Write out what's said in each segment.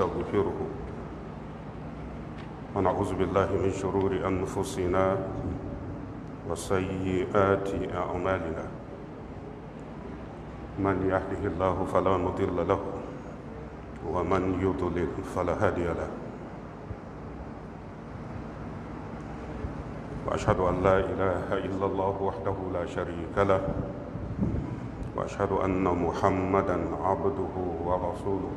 ونستغفره ونعوذ بالله من شرور أنفسنا وسيئات أعمالنا من يهده الله فلا مضل له ومن يضلل فلا هادي له وأشهد أن لا إله إلا الله وحده لا شريك له واشهد ان محمدا عبده ورسوله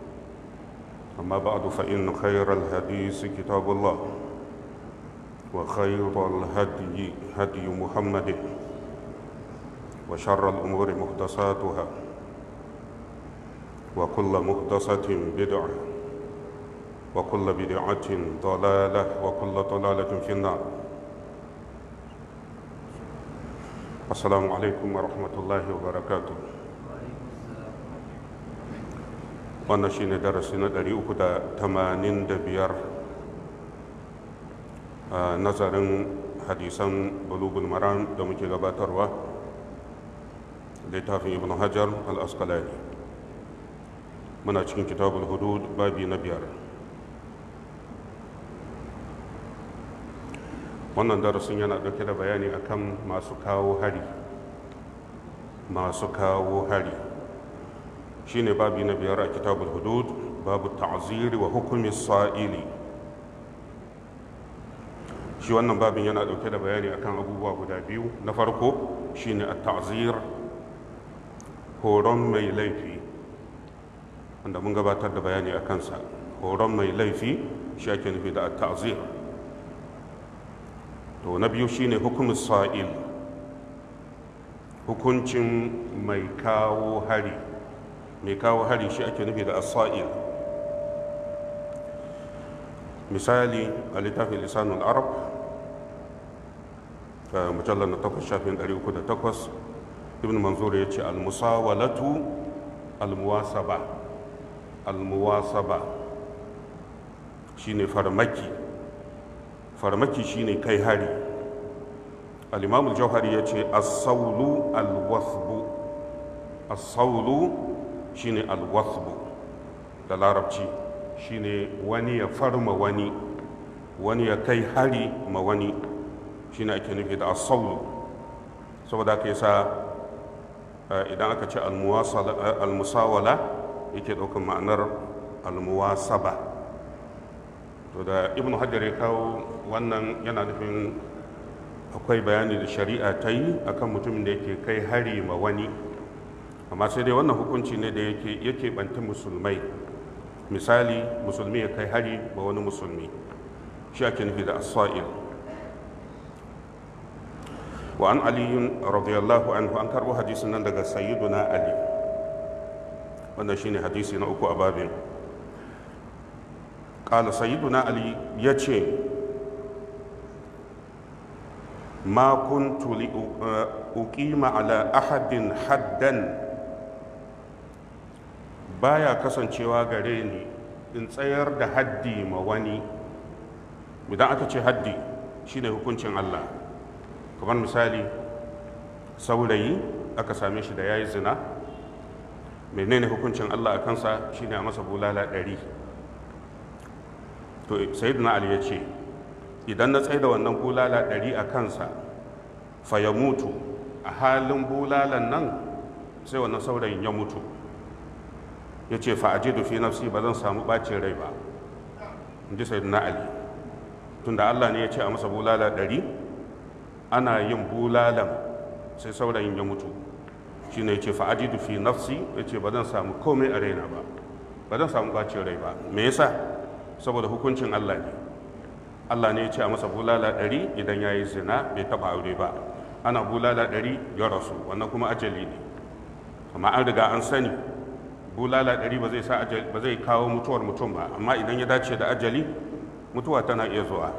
أما بعد فإن خير الحديث كتاب الله وخير الهدي هدي محمد وشر الأمور محدثاتها وكل محدثة بدعة وكل بدعة ضلالة وكل ضلالة في النار السلام عليكم ورحمة الله وبركاته wannan shi ne darasi na biyar. a nazarin hadisan bulugul maran da muke gabatarwa littafin ibn hajar al-asqalani muna cikin kitabul hudu babi na biyar wannan darasin yana ɗauke da bayani akan masu kawo hari masu kawo hari shine babi na biyar a kitabul hudud babu ta'ziri wa hukumi sa'ili shi wannan babin yana dauke da bayani akan abubuwa guda biyu na farko shine a tazir horon mai laifi wanda mun gabatar da bayani a kansa horon mai laifi shi ake nufi da ta'zir to na biyu shine hukumin sa'il hukuncin mai kawo hari mai kawo hari shi ake nufi da asa'il misali a littafin lisanul arab mujallar na takwas shafin 308 ibn manzur ya ce almusawalatu almuwasaba almuwasaba shine farmaki farmaki shine kai hari al-imam al-jauhari ya ce as-sawlu al-wasbu as-sawlu shine alwasbu da larabci shine wani ya farma wani wani ya kai hari ma wani shine ake nufi da asaulu saboda yi yasa eh, idan aka ce eh, almusawala yake ɗaukar ma'anar almuwasaba to da Ibn hajar ya kawo wannan yana nufin akwai bayani da shari'a ta yi akan mutumin da yake kai hari ma wani amma sai dai wannan hukunci ne da yake yake banta musulmai misali musulmi ya kai hari ba wani musulmi shi ake nufi da asfail. wa an ali radiyallahu anhu an karbo hadisin nan daga sayyiduna ali wannan shine hadisi na uku a babin kala قال ya ce يتشي ما كنت لأقيم ala ahadin حدا baya kasancewa gare ni in tsayar da haddi ma wani idan aka ce haddi shine hukuncin Allah kamar misali saurayi aka same shi da yayi zina menene hukuncin Allah a kansa shine a masa bulala ɗari to sayyidina ali ya ce idan na tsaye da wannan bulala ɗari a kansa fa ya mutu a halin bulalan nan sai wannan saurayin ya mutu ya ce fa'ajidu fi nafsi ba zan samu ɓacin rai ba in ji na ali tunda allah ne ya ce a masa bulala ɗari ana yin bulalan sai saurayin ya mutu shi ne ya ce fa'ajidu fi nafsi ya ce ba zan samu komai a raina ba ba zan samu ɓacin rai ba me yasa saboda hukuncin allah ne allah ne ya ce a masa bulala ɗari idan ya yi zina bai taɓa aure ba ana bulala ɗari ya rasu wannan kuma ajali ne amma an riga an sani bulala ɗari ba zai sa ba zai kawo mutuwar mutum ba amma idan ya dace da ajali mutuwa tana iya zuwa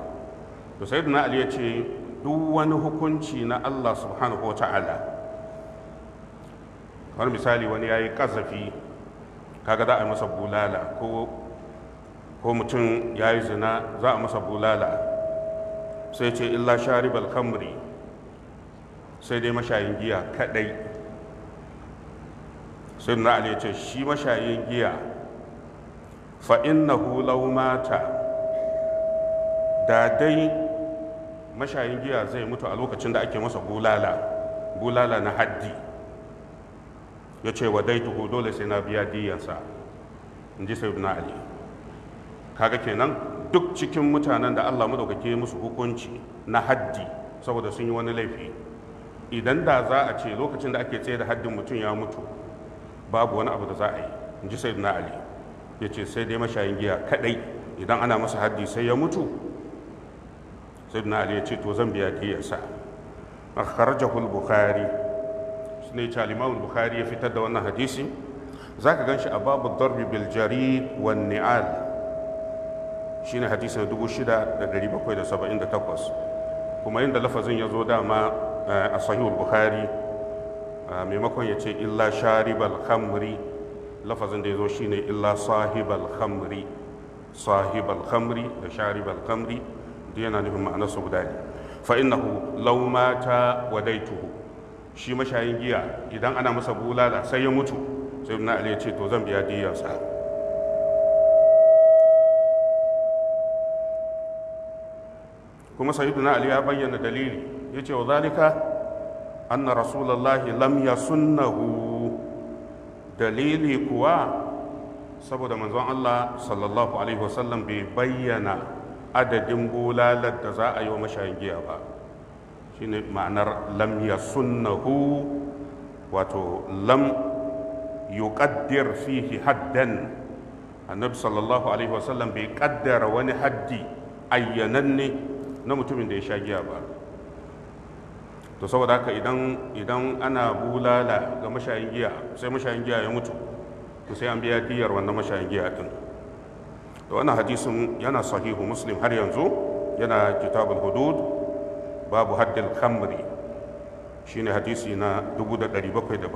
to na ali ya ce duk wani hukunci na Allah subhanahu wa ta'ala kamar misali wani yayi kazafi kaga za a masa bulala ko ko mutum yayi zina za a masa bulala sai ce illa sharibal khamri sai dai mashayin giya kadai sai na ali ce shi mashayin giya fa na hulau mata da dai mashayin giya zai mutu a lokacin da ake masa bulala bulala na haddi ya ce wa daituhu dole sai na biya diyansa in ji na ali kaga kenan duk cikin mutanen da allah madaukake musu hukunci na haddi saboda sun yi wani laifi idan da za a ce lokacin da ake tsaye da haddin mutum ya mutu babu wani abu da za a yi in ji sayyidina ali ya ce sai dai mashayin giya kadai idan ana masa haddi sai ya mutu sayyidina ali ya ce to zan biya diyarsa A al-bukhari sunai ce bukhari ya fitar da wannan hadisi zaka ganshi a babu darbi bil jarid wan ni'al shine hadisi na 6778 kuma inda lafazin ya zo dama eh, a sahihul bukhari maimakon ya ce illa sharibal khamri lafazin da ya zo shine illa sahibal khamri sahibal khamri da sharibal khamri duk yana nufin ma'anar su guda ne fa innahu law mata wadaituhu shi mashayin giya idan ana masa bulala sai ya mutu sai ibn ali ya ce to zan biya sa. kuma sayyiduna ali ya bayyana dalili yace wa zalika anna rasulullahi lam yasunnahu dalili kuwa saboda manzon Allah sallallahu alaihi wasallam bai bayyana adadin bulalar da za a yi wa mashayin giya ba shine ma'anar lam yasunnahu wato lam yuqaddir fihi haddan annabi sallallahu alaihi wasallam bai kaddara wani haddi ayyananne na mutumin da ya sha giya ba to saboda haka idan idan ana bulala ga mashayin giya sai mashayin giya ya mutu to sai an biya diyar wannan mashayin giya din to wannan hadisin yana sahihu muslim har yanzu yana kitabul hudud babu haddil khamri shine hadisi na 1707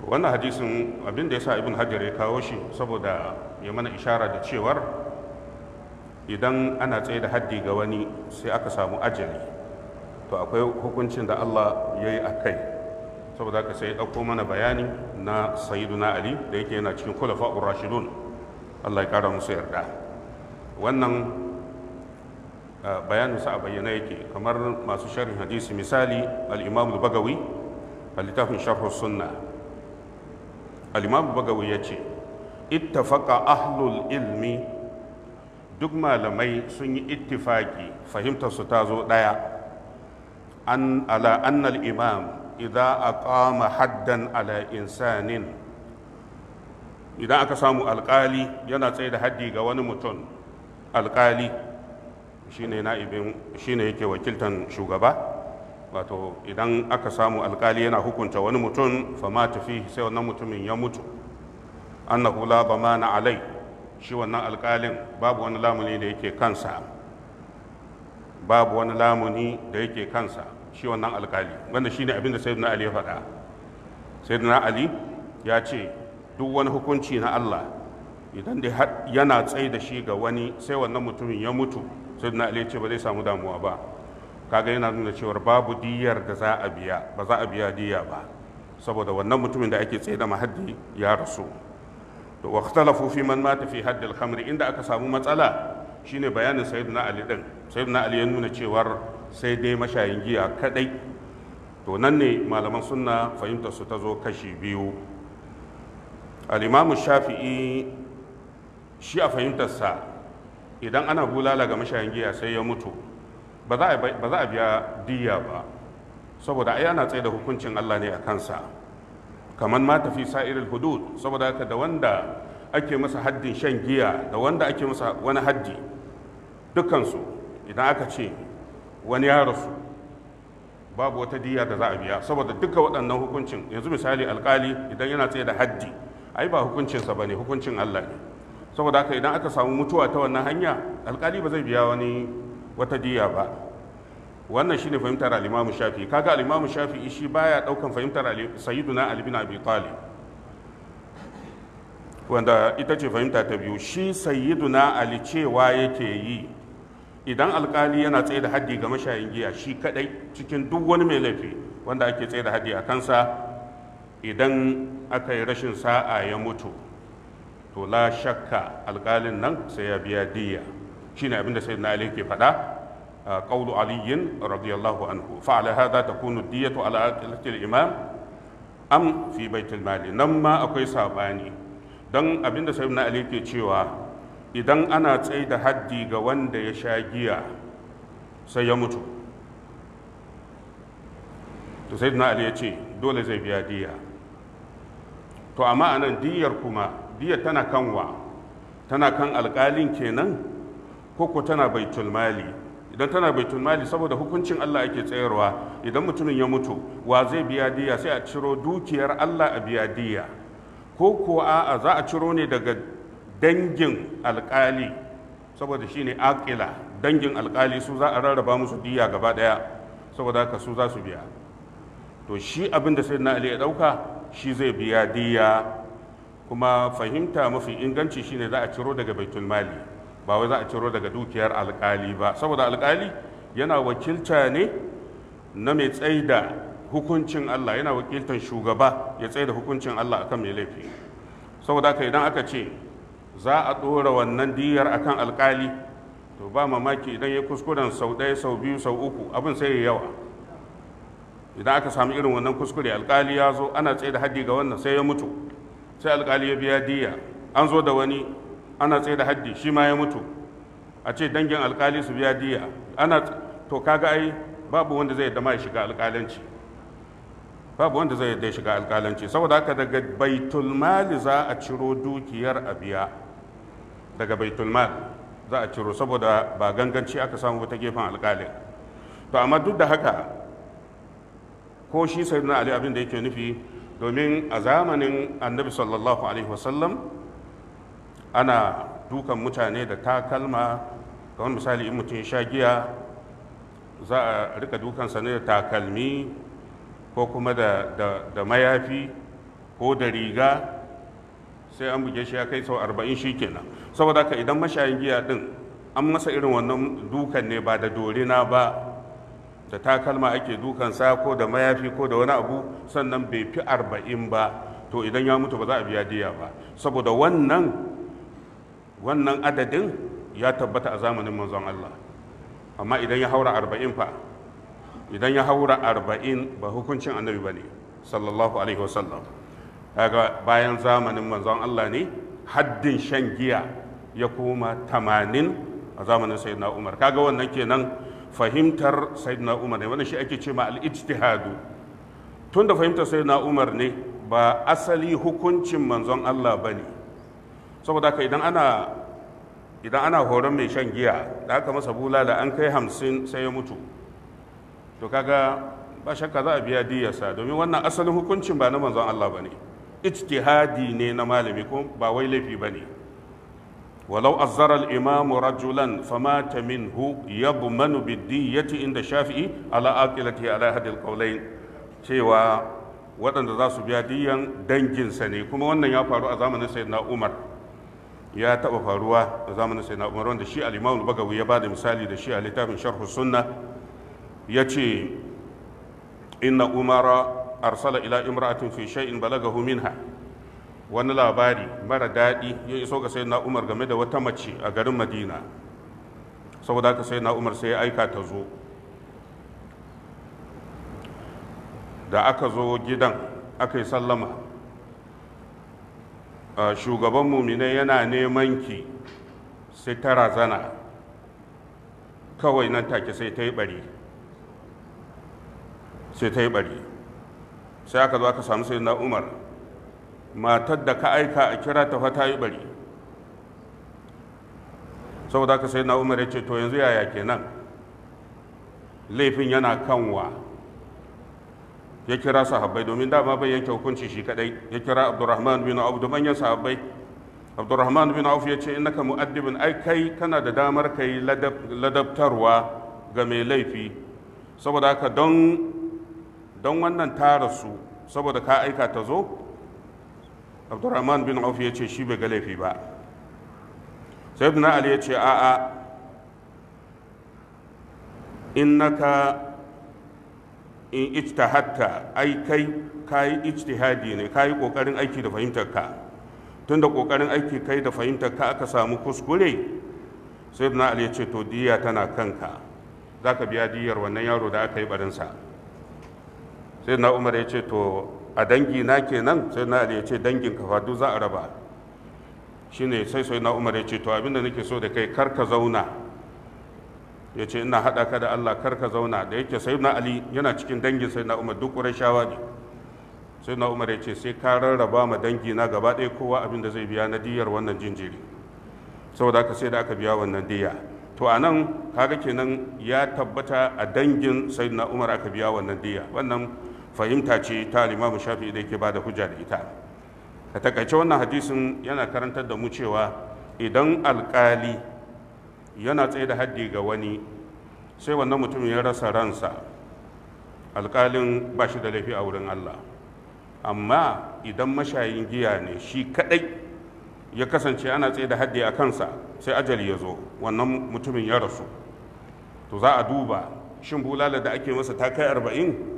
wannan hadisin abin da yasa ibn hajar ya kawo shi saboda ya mana ishara da cewar idan ana tsaye da haddi ga wani sai aka samu ajali to akwai hukuncin da Allah ya yi a kai saboda ka sai ɗauko mana bayani na sayiduna ali da yake yana cikin kulafa rashidun Allah ya ƙara musu yarda wannan bayanin a bayyana yake kamar masu sharhin hadisi misali al bagawi a littafin sharhu sunna al bagawi ya ce ittafaqa ahlul ilmi duk malamai sun yi ittifaki fahimtar su ta zo ɗaya ala annal imam idza aqama haddan ala insanin idan aka samu alkali yana tsaye haddi ga wani mutum alkali shine na'ibin yake wakiltan shugaba wato idan aka samu alkali yana hukunta wani mutum fama tafi sai wannan mutumin ya mutu annahu la bamana alai shi wannan alkalin babu wani lamuni da kansa babu wani lamuni da yake kansa shi wannan alkali wannan shine abin da sayyidina ali ya faɗa sayyidina ali ya ce duk wani hukunci na Allah idan da yana tsaye da shi ga wani sai wannan mutumin ya mutu sayyidina ali ya ce ba zai samu damuwa ba kaga yana nuna cewar babu diyar da za a biya ba za a biya diya ba saboda wannan mutumin da ake tsaye da mahaddi ya rasu da wakhtalafu fi man mata fi haddil khamri inda aka samu matsala shine bayanin sayyidina ali din sayyidina ali ya nuna cewar sai dai mashayin giya kadai to nan ne malaman sunna fahimtar su ta zo kashi biyu al'imamu shafi'i shi a fahimtarsa idan ana bulala ga mashayin giya sai ya mutu ba za a biya diya ba saboda ai ana tsaye da hukuncin allah ne a kansa kamar ma tafi sa'iril hudud saboda haka da wanda ake masa haddin shan giya da wanda ake masa wani haddi dukansu idan aka ce wani ya rasu babu wata diya da za a biya saboda duka waɗannan hukuncin yanzu misali alkali idan yana tsaye da haddi ai ba hukuncinsa ba ne hukuncin allah ne saboda haka idan aka samu mutuwa ta wannan hanya alkali ba zai biya wani wata diya ba wannan shine fahimtar al-imamu shafi kaga al-imamu shafi shi baya daukan fahimtar sayyiduna ali bin abi talib wanda ita ce fahimta ta biyu shi sayyiduna ali cewa yake yi idan alkali yana tsaye da haddi ga mashayin giya shi kadai cikin duk wani mai laifi wanda ake tsaye da haddi a kansa idan aka yi rashin sa'a ya mutu to la shakka alkalin nan sai ya biya diya shine abinda sai na ali ke faɗa قول علي رضي ta kunu diya to تكون imam am fi bai أم nan ma akwai sabani don abinda sai na سيدنا ke cewa. idan ana tsaye da haddi ga wanda ya sha giya sai ya mutu to sai na ya ce dole zai biya diya to amma anan diyar kuma diyar tana kanwa tana kan alƙalin kenan ko ko tana baitul mali idan tana baitul mali saboda hukuncin Allah ake tsayarwa idan mutumin ya mutu wa zai biya diya sai a ciro dukiyar Allah a biya diya ko ko a'a za a ciro ne daga dangin alkali saboda shine akila dangin alkali su za a rarraba musu diya gaba daya saboda haka su za su biya to shi abin da na ali ya dauka shi zai biya diya kuma fahimta mafi inganci shine za a ciro daga baitul mali ba wai za a ciro daga dukiyar alkali ba saboda alkali yana wakilta ne na mai tsaida hukuncin Allah yana wakiltan shugaba ya tsaida hukuncin Allah akan mai laifi saboda haka idan aka ce za a ɗora wannan diyar akan alkali to ba mamaki idan ya kuskuren sau ɗaya sau biyu sau uku abin sai ya yawa idan aka samu irin wannan kuskure alkali ya zo ana tsaye da haddi ga wannan sai ya mutu sai alkali ya biya diya an zo da wani ana tsaye da haddi shi ma ya mutu a ce dangin alkali su biya diya ana to kaga ai babu wanda zai yadda ma ya shiga alkalanci babu wanda zai yadda ya shiga alkalanci saboda haka daga baitulmali za a ciro dukiyar a biya daga baitul mal za a ciro saboda ba ganganci aka samu ta gefen alƙalin to amma duk da haka ko shi sayyidina ali abin da yake nufi domin a zamanin annabi sallallahu alaihi wasallam ana dukan mutane da takalma kamar misali in mutum sha giya za a rika dukansa ne da takalmi ko kuma da mayafi ko da riga sai an buge shi ya kai sau arba'in shi kenan saboda haka idan mashayin giya din an masa irin wannan dukan ne ba da dorina ba da takalma ake dukansa ko da mayafi ko da wani abu sannan bai fi arba'in ba to idan ya mutu ba za a biya diya ba saboda wannan wannan adadin ya tabbata a zamanin manzon Allah amma idan ya haura arba'in fa idan ya haura arba'in ba hukuncin annabi ba ne sallallahu alaihi wasallam kaga bayan zamanin manzon Allah ne haddin shan giya ya koma tamanin a zamanin sayyidina Umar kaga wannan kenan fahimtar sayyidina Umar ne wannan shi ake ce ma al-ijtihadu tunda fahimtar sayyidina Umar ne ba asali hukuncin manzon Allah bane saboda idan ana idan ana horon mai shan giya da aka masa bula da an kai hamsin sai ya mutu to kaga ba shakka za a biya diyarsa domin wannan asalin hukuncin ba na manzon Allah ba ne ijtihadi ne na malami ko ba wai laifi ba ne walau azzarar imamu rajulan famata minhu ya ce biddiyati inda shafi'i ala aqilati ala hadil qawlain cewa waɗanda za su biya diyan danginsa ne kuma wannan ya faru a zamanin sayyidina umar ya taɓa faruwa a zamanin sayyidina umar wanda shi al-imamu bagawi ya bada misali da shi a littafin sharh sunna yace inna umara arsala ila imra'atin fi shay'in balagahu minha wani labari mara daɗi ya iso ga sayyidina Umar game da wata mace a garin Madina saboda haka sayyidina Umar sai ya aika ta zo da aka zo gidan aka yi sallama shugaban muminai yana neman ki sai ta razana kawai nan take sai ta yi bari sai ta yi bari sai aka zo aka samu sai na umar matar da ka aika a kira ta fata yi bari saboda aka sai na umar ya ce to yanzu yaya kenan laifin yana kanwa ya kira sahabbai domin dama bai yanke hukunci shi kadai ya kira abdurrahman bin auf da manyan sahabbai abdurrahman bin auf ya ce innaka mu'addibin ai kai kana da damar kai ladabtarwa ga mai laifi saboda haka don don wannan ta rasu saboda ka aika ta zo abdurrahman bin auf ya ce shi bai ga laifi ba sayyidina ali ya ce a'a innaka in ijtahadta ai kai kayi ijtihadi ne kayi kokarin aiki da fahimtar ka tunda kokarin aiki kai da fahimtar ka aka samu kuskure sayyidina ali ya ce to diya tana kanka zaka biya diyar wannan yaro da aka yi barinsa sai na umar ya ce to a dangi na kenan sai na ya ce dangin kafa duk za a raba ne sai sai na umar ya ce to abinda nake so da kai kar ka zauna ya ce ina haɗa ka da Allah kar ka zauna da yake sai na ali yana cikin dangin sai na umar duk ƙurashawa ne sai na umar ya ce sai ka rarraba ma dangi na gaba ɗaya kowa abinda zai biya na diyar wannan jinjiri saboda haka sai da aka biya wannan diya to a nan kaga kenan ya tabbata a dangin na umar aka biya wannan diya wannan fahimta ce ta limamu shafi da yake bada hujja da ita a takaice wannan hadisin yana karantar da mu cewa idan alkali yana tsaye da haddi ga wani sai wannan mutum ya rasa ransa alkalin ba shi da laifi a wurin allah amma idan mashayin giya ne shi kadai ya kasance ana tsaye da haddi a kansa sai ajali ya zo wannan mutumin ya rasu to za a duba shin bulala da ake masa ta kai arba'in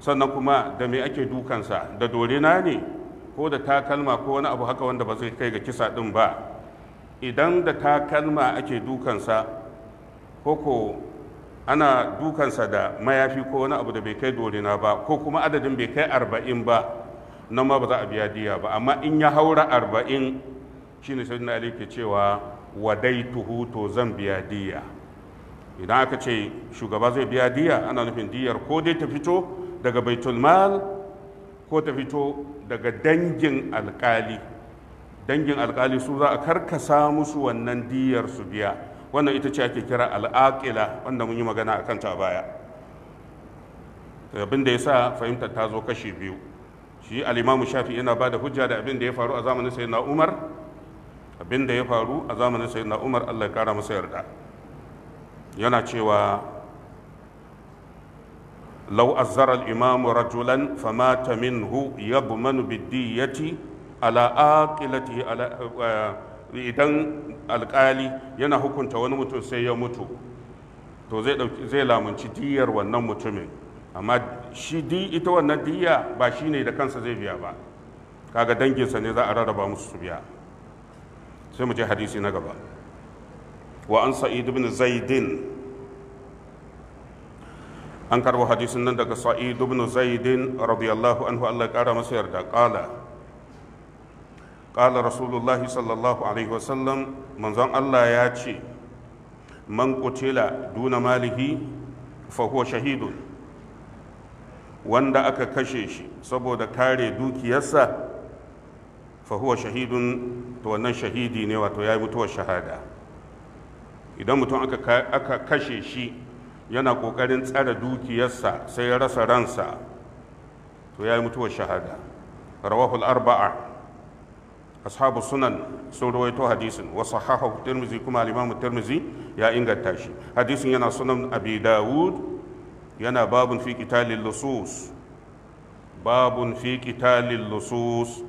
sannan kuma da me ake dukansa da dorina ne ko da takalma ko wani abu haka wanda ba zai kai ga kisa ɗin ba idan da takalma ake dukansa ko ko ana dukansa da mayafi ko wani abu da bai kai dorina ba ko kuma adadin bai kai arba'in ba nan ma ba za a biya diya ba amma in ya haura arba'in shine sai na ke cewa wadaituhu to zan biya diya idan aka ce shugaba zai biya diya ana nufin diyar ko dai ta fito daga baitulmal ko ta fito daga dangin alkali dangin alkali su za a karkasa musu wannan diyar su biya wannan ita ce ake kira al'aƙila wanda mun yi magana a kanta baya abin da ya sa fahimtar ta zo kashi biyu shi alimamu shafi yana ba da hujja da abin da ya faru a zamanin na umar abin da ya faru a zamanin na umar allah ya kara masa yarda yana cewa لو أزر الإمام رجلا فمات منه يضمن بالدية على آقلته على idan alkali yana hukunta wani mutum sai ya mutu to zai lamunci diyar wannan mutumin amma shi di ita wannan diya ba shi ne da kansa zai biya ba kaga danginsa ne za a rarraba musu su biya sai mu je hadisi na gaba wa an sa'id ibn zaidin an karbo hadisin nan daga sa'id ibn zaidin radiyallahu anhu Allah kara masa yarda qala qala rasulullah sallallahu alaihi wasallam manzon Allah ya ce man qutila duna malihi fa huwa shahidun wanda aka kashe shi saboda kare dukiyarsa fa huwa shahidun to wannan shahidi ne wato ya mutuwar shahada idan mutum aka kashe shi yana ƙoƙarin tsare dukiyarsa sai ya rasa ransa to ya yi mutuwar shahada rawahul arba'a ashabu sunan sun rawaito hadisin Wasu sahahu tirmizi kuma al-imamu tirmizi ya inganta shi hadisin yana sunan abi dawud yana babun fi qitalil lusus babun fi qitalil lusus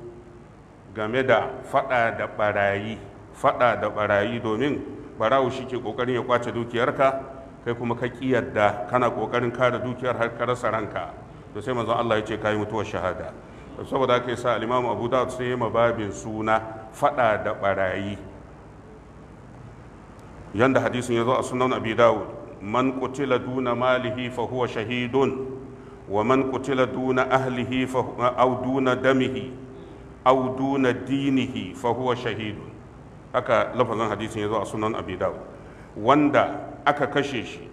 game da fada da barayi fada da barayi domin barawu shi ke ƙoƙarin ya kwace dukiyarka kai kuma ka kiyarda kana kokarin kare dukiyar har ka rasa ranka to sai manzon Allah ya ce kai mutuwar shahada saboda haka yasa al-Imam Abu Dawud sai ma babin suna fada da barayi yanda hadisin ya zo a sunan Abi Dawud man qutila duna malihi fa huwa shahidun wa man qutila duna ahlihi fa aw duna damihi aw duna dinihi fa huwa shahidun haka lafazin hadisin ya zo a sunan Abi Dawud wanda aka kashe shi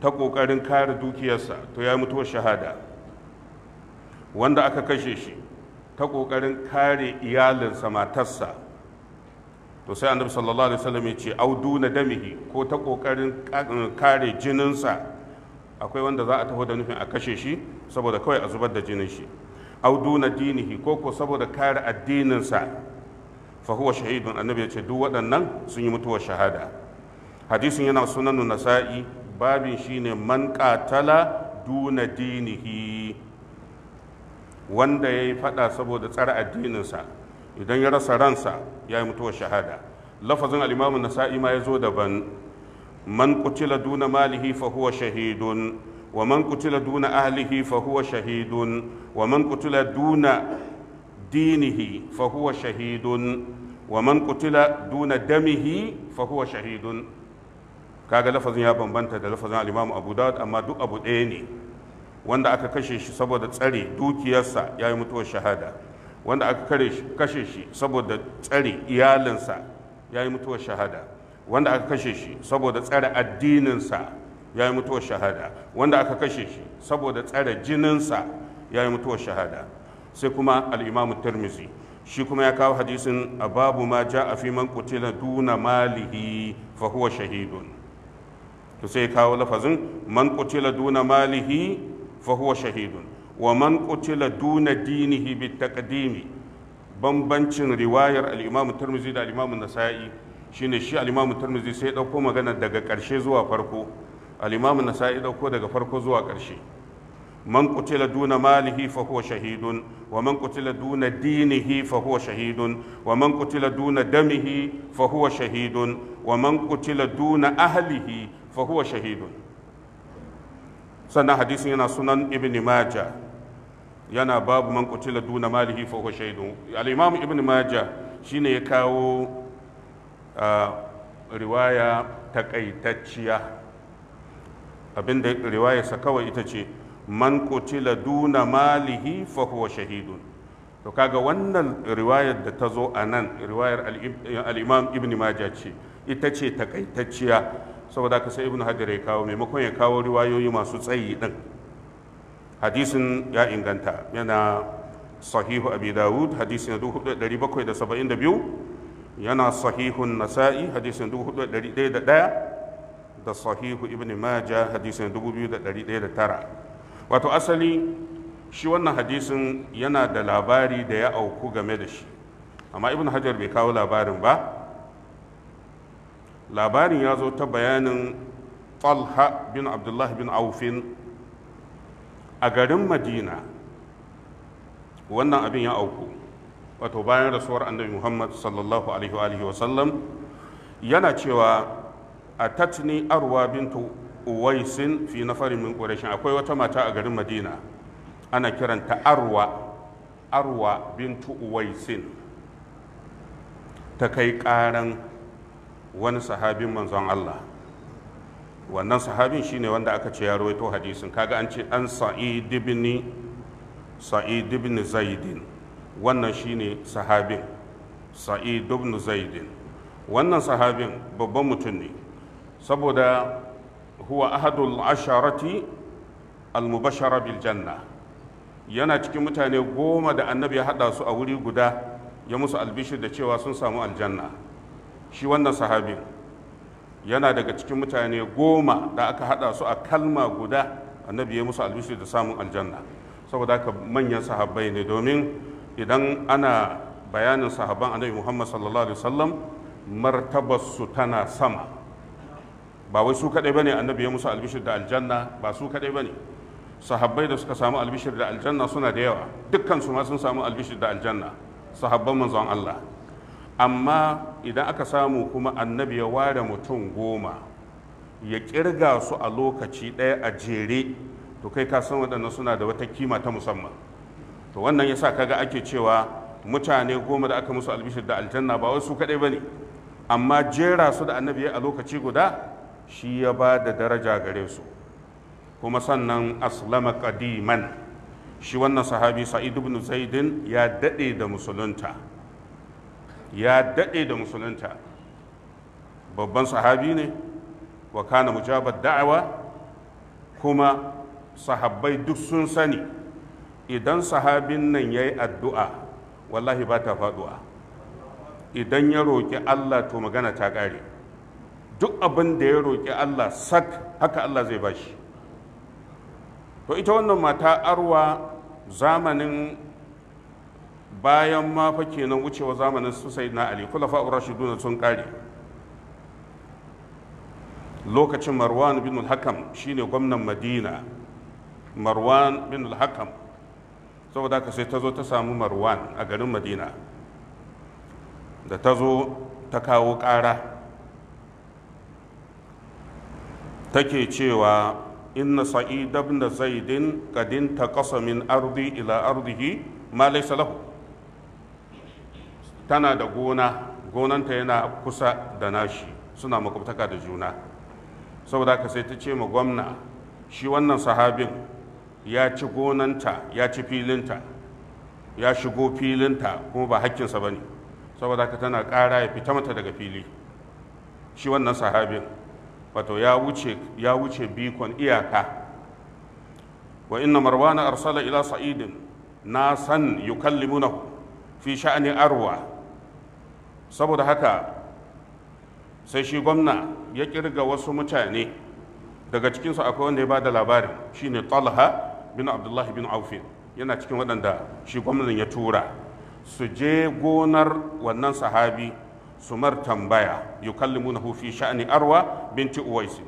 ta ƙoƙarin kare dukiyarsa to ya mutuwar shahada wanda aka kashe shi ta ƙoƙarin kare iyalinsa matarsa to sai annabi sallallahu alaihi wasallam ya ce audu na damihi ko ta ƙoƙarin eh, kare jininsa akwai wanda za a taho da nufin a kashe shi saboda kawai a zubar da jinin shi audu na dinihi ko ko saboda kare addininsa fa huwa shahidun annabi ya ce duk waɗannan sun yi mutuwar shahada hadisin yana sunanun nasa'i babin shine man katala duna dinihi wanda ya yi fada saboda tsar addininsa idan ya rasa ransa ya yi mutuwar shahada lafazin alimamin nasa'i ma ya zo daban man kutila duna malihi fa huwa shahidun wa man kutila duna ahlihi fa huwa shahidun wa man kutila duna dinihi fa huwa shahidun wa man kutila duna damihi fa huwa shahidun kaga lafazin ya bambanta da lafazin al Abu Dawud amma duk abu ɗaya ne wanda aka kashe shi saboda tsare dukiyarsa ya yi mutuwar shahada wanda aka kashe shi saboda tsare iyalinsa ya yi mutuwar shahada wanda aka kashe shi saboda tsare addininsa ya yi mutuwar shahada wanda aka kashe shi saboda tsare jininsa ya yi mutuwar shahada sai kuma al'imamu tirmizi shi kuma ya kawo hadisin a babu ma ja a fi man duna malihi fa huwa shahidun to sai kawo lafazin man kutila duna malihi fa huwa shahidun wa man kutila duna dinihi bi taqdimi bambancin riwayar al-imam tirmidhi da al-imam nasa'i shine shi al-imam tirmidhi sai ya dauko magana daga karshe zuwa farko al-imam nasa'i dauko daga farko zuwa karshe man kutila duna malihi fa huwa shahidun wa man kutila duna dinihi fa huwa shahidun wa man kutila duna damihi fa huwa shahidun wa man kutila duna ahlihi fa huwa shahidun sannan hadisin yana sunan ibn majah yana babu man duna malihi fa huwa shahidun ibn majah shine ya kawo riwaya takaitacciya abinda riwayarsa kawai ita ce man qutila duna malihi to kaga wannan riwayar da ta zo a nan riwayar al ibn majah ce ita ce takaitacciya saboda ka sai ibnu hajar ya kawo maimakon ya kawo riwayoyi masu tsayi din hadisin ya inganta yana sahihu abi dawud hadisin 4772 yana sahihun nasa'i hadisin 4101 da sahihu ibn maja hadisin 2109 wato asali shi wannan hadisin yana da labari da ya auku game da shi amma ibn hajar bai kawo labarin ba labarin ya zo ta bayanin talha bin abdullahi bin aufin a garin madina wannan abin ya auku wato bayan rasuwar annabi muhammad sallallahu alaihi wa sallam yana cewa a tatni arwa bintu uwaisin fi nafarin min ƙurashin akwai wata mata a garin madina ana kiranta arwa arwa bintu uwaisin ta kai ƙaran wani sahabin manzon Allah wannan sahabin shine wanda aka ce ya rawaito hadisin kaga an ce an sa'id ibn sa'id ibn zaidin wannan shine sahabin sa'id ibn zaidin wannan sahabin babban mutum ne saboda huwa ahadul asharati al-mubashara bil janna yana cikin mutane goma da annabi ya hada su a wuri guda ya musu albishir da cewa sun samu aljanna shi wannan sahabin yana daga cikin mutane goma da aka hada su a kalma guda annabi ya musu albishir da samun aljanna saboda haka manyan sahabbai ne domin idan ana bayanin sahabban annabi muhammad sallallahu alaihi wasallam martabarsu tana sama ba wai su kadai bane annabi ya musu albishir da aljanna ba su kadai bane sahabbai da suka samu albishir da aljanna suna da yawa dukkan su ma sun samu albishir da aljanna sahabban manzon Allah amma idan aka samu kuma annabi ya ware mutum goma ya kirga su a lokaci ɗaya a jere to kai ka san waɗannan suna da wata kima ta musamman to wannan yasa kaga ake cewa mutane goma da aka musu albishir da aljanna ba wasu kaɗai ba ne amma jera su da annabi a lokaci guda shi ya ba da daraja gare su kuma sannan aslama kadiman shi wannan sahabi sa'id ibn zaidin ya daɗe da musulunta ya daɗe da musulunta babban sahabi ne wa kana mujabar da'awa kuma sahabbai duk sun sani idan sahabin nan ya yi addu'a wallahi ba ta faɗuwa idan ya roƙi allah to magana ta ƙare duk abin da ya roƙi allah sak haka allah zai bashi to ita wannan mata arwa zamanin bayan ma fa kenan wucewa zamanin su na ali khulafa ar-rashidun sun kare lokacin marwan bin al-hakam shine gwamnan madina marwan bin al-hakam saboda haka sai ta zo ta samu marwan a garin madina da ta zo ta kawo ƙara take cewa inna sa'id ibn zaidin qadin taqasa min ardi ila ardihi ma laysa lahu tana da gona gonanta yana kusa da nashi suna makwabtaka da juna saboda haka sai ta ce ma gwamna shi wannan sahabin ya ci gonanta ya ci filinta ya shigo filinta kuma ba hakkinsa ba ne saboda haka tana kara ya fita mata daga fili shi wannan sahabin wato ya wuce ya wuce bikon iyaka wa inna marwana arsala ila sa'idin na san yukallimunahu fi sha'ani arwa saboda haka sai shi gwamna ya kirga wasu mutane daga cikinsu akwai wanda ya ba da labari shine talha bin abdullahi bin aufi yana cikin waɗanda shi gwamnan ya tura su je gonar wannan sahabi su mar tambaya yukallimunahu fi sha'ani arwa binti waisi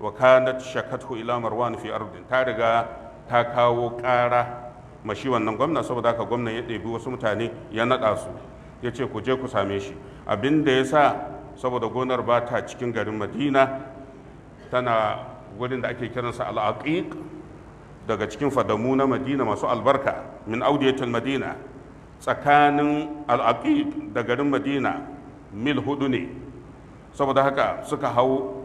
wa kanat shakathu ila marwan fi ardin ta riga ta kawo ƙara mashi wannan gwamna saboda haka gwamnan ya ɗebi wasu mutane ya naɗa su ya ce ku je ku same shi abin da ya sa saboda gonar ba ta cikin garin madina tana wurin da ake kiransa al'aqiq daga cikin fadamu na madina masu albarka min audiyatul madina tsakanin al'aqiq da garin madina mil hudu ne saboda haka suka hau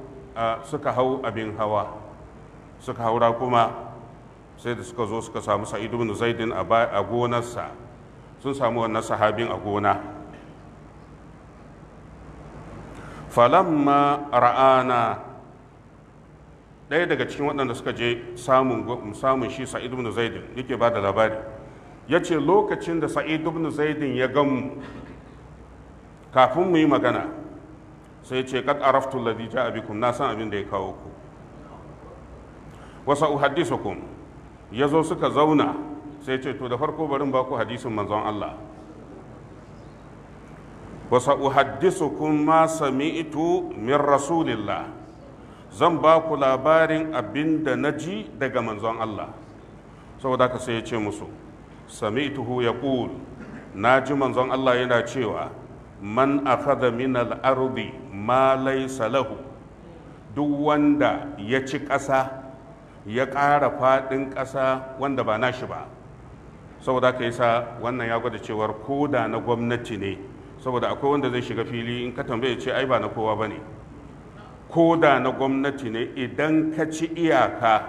suka hau abin hawa suka haura kuma sai da suka zo suka samu sa'idu bin zaidin a gonarsa sun samu wannan sahabin a gona falamma ra'ana ɗaya daga cikin waɗanda suka je samun shi sa'id ibn zaidin yake ba da labari ya ce lokacin da sa'id ibn zaidin ya gan mu kafin mu yi magana sai ce kad araftu ladhi ja'a bikum na san abin da ya kawo ku wasa ya zo suka zauna sai ce to da farko barin baku hadisin manzon Allah wa sa'uhaddisukum ma sami'tu min rasulillah zan ba ku labarin abin da na ji daga manzon Allah saboda haka sai ya ce musu sami'tuhu yaqul na ji manzon Allah yana cewa man akhadha min al-ardi ma laysa lahu duk wanda ya ci ƙasa ya ƙara faɗin ƙasa wanda ba nashi ba saboda ka yasa wannan ya gwada cewar ko da na gwamnati ne saboda akwai wanda zai shiga fili in ka tambaye ce ai ba na kowa bane ko da na gwamnati ne idan ka ci iyaka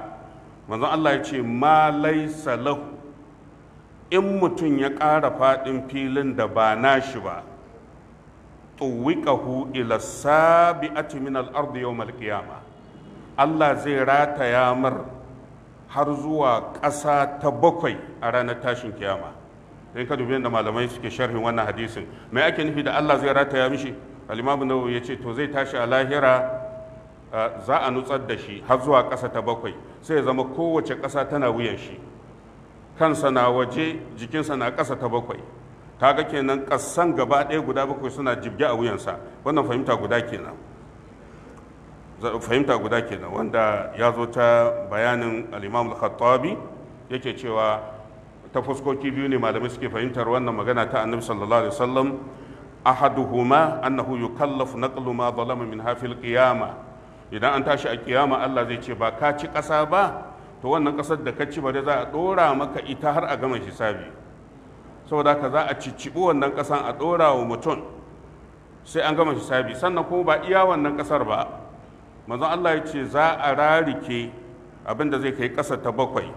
manzon Allah ya ce ma laisa lahu in mutum ya ƙara faɗin filin da ba nashi ba tuwiqahu ila sabi'ati min al-ardi yawm al Allah zai rataya mar har zuwa ƙasa ta bakwai a ranar tashin kiyama sai ka dubi da malamai suke sharhin wannan hadisin mai ake nufi da Allah zai rataya mishi al-Imam ya ce to zai tashi a lahira za a nutsar da shi har zuwa ƙasa ta bakwai sai ya zama kowace ƙasa tana wuyan shi kansa na waje jikinsa na ƙasa ta bakwai kaga kenan ƙasan gaba ɗaya guda bakwai suna jibge a wuyansa wannan fahimta guda kenan fahimta guda kenan wanda ya zo ta bayanin al-imam al-khattabi yake cewa ta fuskoki biyu ne malamai suke fahimtar wannan magana ta annabi sallallahu alaihi wasallam ahaduhuma annahu yukallaf naqlu ma zalama min hafil qiyama idan an tashi a kiyama Allah zai ce ba ka ci ƙasa ba to wannan ƙasar da ka ci bare za a ɗora maka ita har a gama hisabi saboda ka za a cicciɓi wannan ƙasan a ɗora wa mutum sai an gama hisabi sannan kuma ba iya wannan ƙasar ba manzo Allah ya ce za a rarike abinda zai kai ƙasa ta bakwai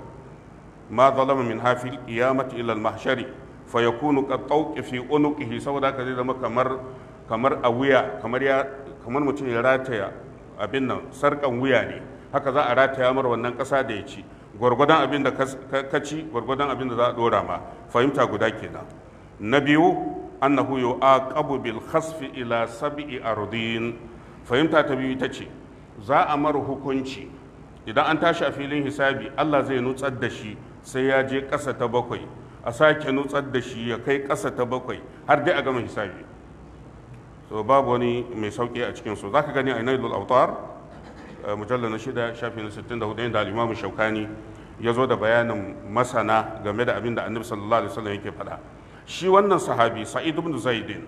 ma zalama min hafil qiyamati ilal al-mahshari fa yakunu qad tawqi fi unuqihi saboda haka zai zama kamar kamar a wuya kamar ya kamar mutum ya rataya abin nan sarkan wuya ne haka za a rataya mar wannan ƙasa da ya ci gwargwadon abin da ka ci gwargwadon abin da za a dora ma fahimta guda kenan na biyu annahu yu'aqabu bil khasfi ila sab'i ardin fahimta ta biyu ita ce za a mara hukunci idan an tashi a filin hisabi Allah zai nutsar da shi sai ya je ƙasa ta bakwai a sake nutsar da shi ya kai ƙasa ta bakwai har dai a gama hisabi So babu wani mai sauƙi a cikin su zaka gani a nailul autar eh, mujalla na shida shafi na 64 inda al shaukani ya zo da bayanin masana game da abin da annabi sallallahu alaihi wasallam yake faɗa shi wannan sahabi sa'id ibn zaidin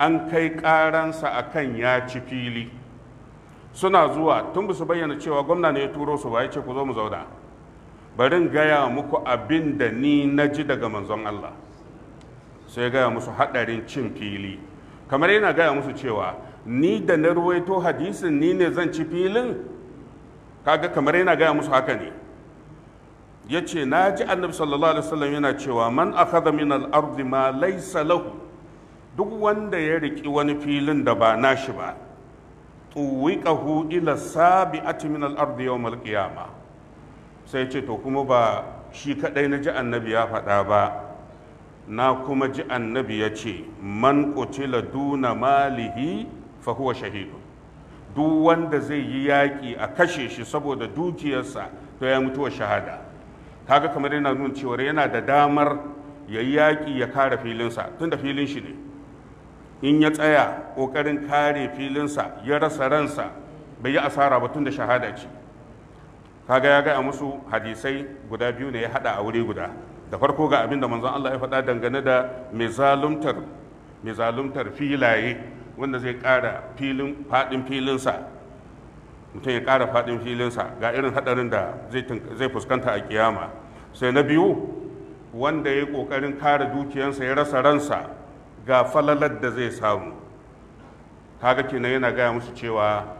an kai ƙaransa akan ya ci fili suna zuwa tun ba su bayyana cewa gwamna ne ya turo su ba ya ce ku zo mu zauna barin gaya muku abin da ni na ji daga manzon Allah sai gaya musu haɗarin cin fili kamar yana gaya musu cewa ni da na ruwaito hadisin ni ne zan ci filin kaga kamar yana gaya musu haka ne ya ce na ji annabi sallallahu alaihi wasallam yana cewa man akhadha min al-ardi ma laysa lahu duk wanda ya riki wani filin da ba nashi ba tuwikahu ila sabi'ati min al-ardi yawm al-qiyama sai ce to kuma ba shi kaɗai na ji annabi ya faɗa ba na kuma ji annabi ya ce man qutila duna malihi fa shahidu. duk wanda zai yi yaƙi a kashe shi saboda dukiyarsa to ya wa shahada kaga kamar yana nuna cewa yana da damar ya yi yaƙi ya kare filinsa tunda filin shi ne in ya tsaya ƙoƙarin kare filinsa ya rasa ransa bai yi asara ba tun da shahada ce kaga ya gaya musu hadisai guda biyu ne ya haɗa a wuri guda da farko ga abin da manzon Allah ya faɗa dangane da mai zaluntar filaye wanda zai ƙara filin faɗin filinsa mutum ya ƙara faɗin filinsa ga irin haɗarin da zai fuskanta a kiyama sai na biyu wanda ya yi ƙoƙarin kare dukiyansa ya rasa ransa ga falalar da zai samu kaga kenan yana gaya musu cewa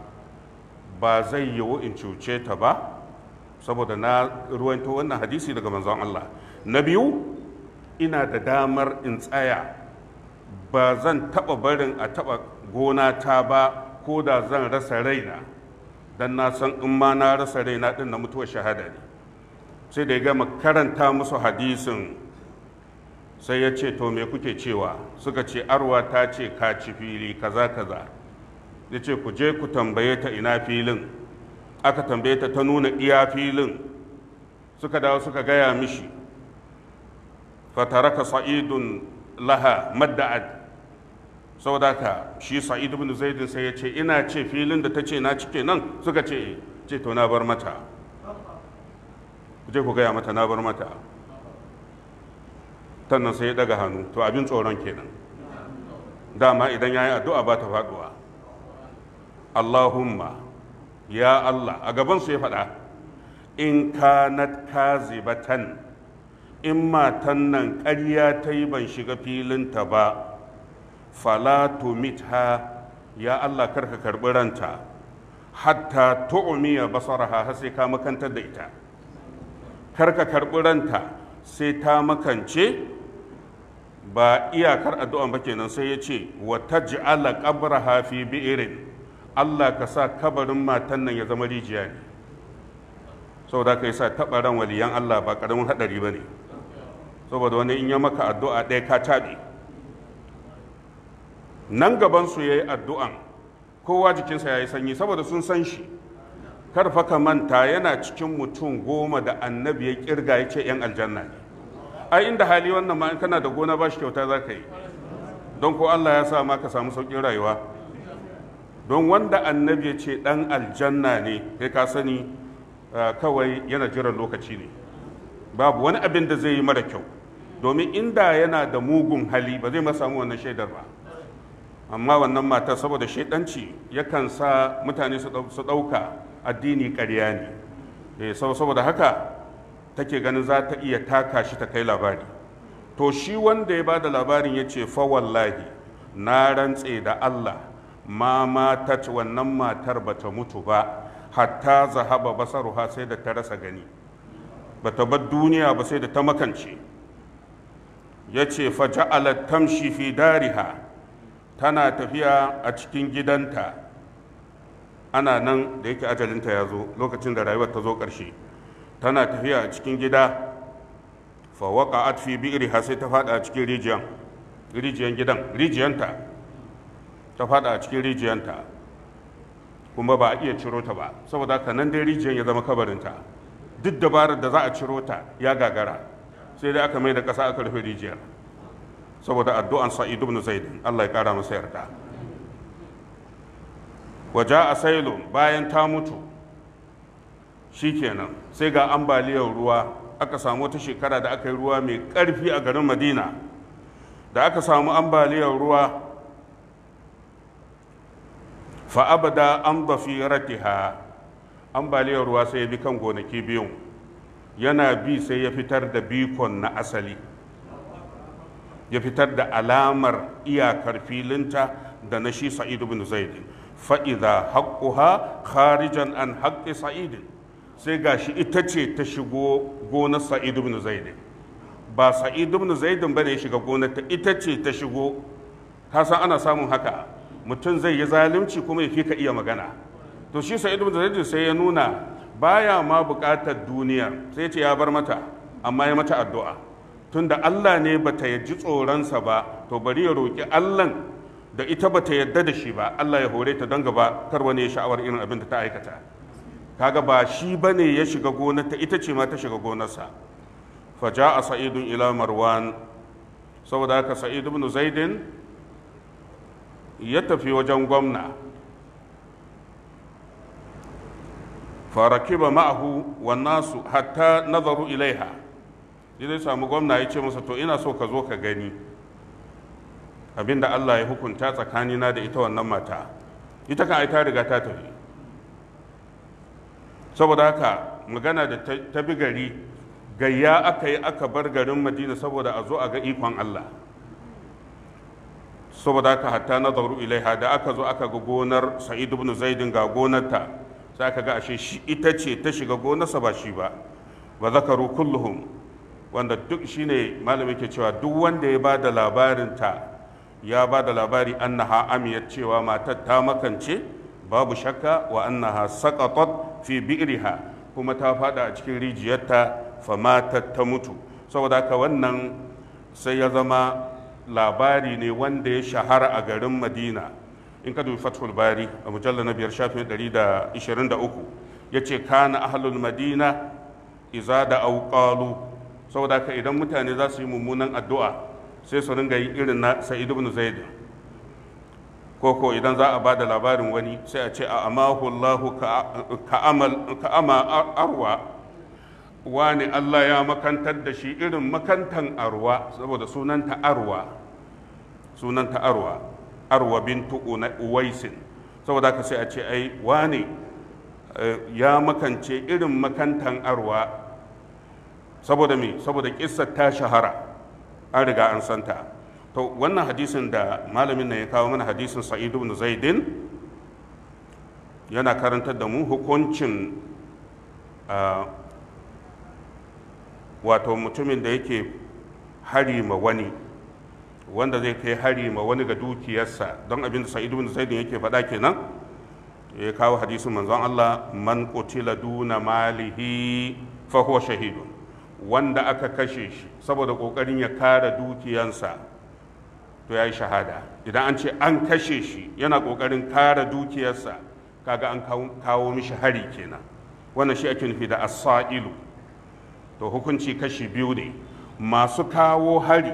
ba zai yiwu in cuce ta ba saboda na ruwanto wannan hadisi daga manzon Allah na biyu ina da damar in tsaya ba zan taɓa barin a taɓa gona ta ba ko da zan rasa raina don na san in ma na rasa raina din na mutuwar shahada ne sai da ya gama karanta musu hadisin sai ya ce to me kuke cewa suka ce arwa ta ce ka ci fili kaza kaza ya ce ku je ku tambaye ta ina filin aka tambaye ta ta nuna iya filin suka dawo suka gaya mishi fataraka sa'idun laha madda'ad saboda ka shi sa'id ibn zaidin sai ya ce ina ce filin da ta ce na cike nan suka ce eh. ce to na bar mata ku je ku gaya mata na bar mata tannan sai ya daga hannu to abin tsoron kenan dama idan ya yi addu'a ba ta faɗuwa allahumma ya allah a gabansu ya faɗa in kanat kazibatan in matan nan karya ta yi ban shiga filin ta ba fala ha ya allah karka karɓi ranta hatta tu'umiya basaraha har sai ka makantar da ita karka karɓi ranta sai ta makance ba iyakar addu'an ba kenan sai ya ce wa taj'ala qabraha fi bi'rin Allah ka sa kabarin matan nan ya zama rijiya ne saboda ka sa tabaran waliyan Allah ba karamin hadari bane saboda wani in ya maka addu'a ɗaya ka taɓe nan gaban su yayi addu'an kowa jikinsa yayi sanyi saboda sun san shi karfa ka manta yana cikin mutum goma da annabi ya kirga ya ce 'yan aljanna ne ai inda hali wannan ma in kana da gona ba shi kyauta za ka yi don ko Allah ya sa ma ka samu sauƙin rayuwa don wanda annabi ya ce ɗan aljanna ne kai ka sani kawai yana jiran lokaci ne babu wani abin da zai yi mara kyau domin inda yana da mugun hali ba zai ma samu wannan shaidar ba amma wannan matar saboda shaidanci yakan sa mutane su ɗauka addini ƙarya ne eh, saboda haka take ganin za ta iya taka shi ta kai labari to shi wanda ya ba da labarin ya ce fa wallahi na rantse da Allah ma matat wannan matar ba ta mutu ba hatta zahaba basaruha sai da ta rasa gani ba ta bar duniya ba sai da ta makance ya ce fa ja'alat tamshi fi dariha tana tafiya a cikin gidanta ana nan da yake ajalinta ya zo lokacin da rayuwar ta zo ƙarshe tana tafiya a cikin gida fawaka waqa'at fi bi'riha sai ta fada a cikin rijiyan rijiyan gidan rijiyanta ta fada a cikin rijiyanta kuma ba a iya ciro ta ba saboda haka nan dai rijiyan ya zama kabarinta duk dabarar da za a ciro ta ya gagara sai dai aka mai da ƙasa aka rufe rijiyar saboda addu'an sa'id ibn zaid Allah ya kara masa yarda waja asailu bayan ta mutu shi kenan sai ga ambaliyar ruwa aka samu wata shekara da aka yi ruwa mai ƙarfi a garin madina da aka samu ambaliyar ruwa fa'abada an ha ambaliyar ruwa sai ya bi kan gonaki biyun yana bi sai ya fitar da bikon na asali ya fitar da alamar iyakar filinta da na shi sa'idu bin zaidi fa'iza haƙƙuha kharijan an haƙƙi sa'idin sai ga shi ita ce ta shigo gonar sa'id ibn zaidin ba sa'id ibn ba ne ya shiga gonar ta ita ce ta shigo ka san ana samun haka mutum zai yi zalunci kuma ya fika iya magana to shi sa'id ibn zaidin sai ya nuna baya ma bukatar duniya sai ce ya bar mata amma ya mata addu'a tunda Allah ne bata yaji tsoronsa ba to bari ya roki Allah da ita bata yadda da shi ba Allah ya hore ta don gaba kar wani ya sha'awar irin abin da ta aikata kaga ba shi bane ya shiga ta ita ce ma ta shiga gonarsa fa a sa'idun ila marwan saboda haka sa'id ibn zaidin ya tafi wajen gwamna farakiba ma'ahu wa nasu hatta nazaru ilaiha zai samu gwamna ya ce masa to ina so ka zo ka gani abinda Allah ya hukunta tsakanina da ita wannan mata ita kan ai ta riga ta tafi saboda haka magana da ta bi gari gayya aka yi aka bar garin madina saboda a zo a ga ikon allah saboda haka hatta na zauru ilaiha da aka zo aka ga gonar Saidu ibn zaidin ga gonarta sai aka ga ashe shi ita ce ta shiga gonarsa ba shi ba wa zakaru kulluhum wanda duk shine malami ke cewa duk wanda ya ba da labarinta ya ba da labari annaha amiyar cewa matar ta makance babu shakka wa annaha saqatat fi bi'riha kuma ta fada a cikin rijiyarta famatat ta mutu saboda haka wannan sai ya zama labari ne wanda ya shahara a garin madina in ka dubi fathul bari a mujallar na biyar shafin 123 ya ce kana ahlul madina iza da auƙalu saboda haka idan mutane za su yi mummunan addu'a sai su ringa yin irin na sa'id ibn zaid koko idan za a ba da labarin wani sai a ce a amahu ka ama arwa wani Allah ya makantar da shi irin makantan arwa saboda sunanta arwa sunanta arwa arwa bintu uwaisin saboda ka sai a ce ai wani eh, ya makance irin makantan arwa saboda me saboda kissa ta shahara an riga an santa to wannan hadisin da malamin nan ya kawo mana hadisin sa'id ibn zaidin yana karantar da mu hukuncin wato mutumin da yake hari ma wani wanda zai kai hari ma wani ga dukiyarsa don abin da sa'id ibn zaidin yake faɗa kenan ya kawo hadisin manzon Allah man qutila duna malihi fa huwa shahidun wanda aka kashe shi saboda kokarin ya kare dukiyarsa. to ya yi shahada idan an ce an kashe shi yana ƙoƙarin kare dukiyarsa kaga an kawo mishi hari kenan wannan shi ake nufi da asailu to hukunci kashi biyu ne masu kawo hari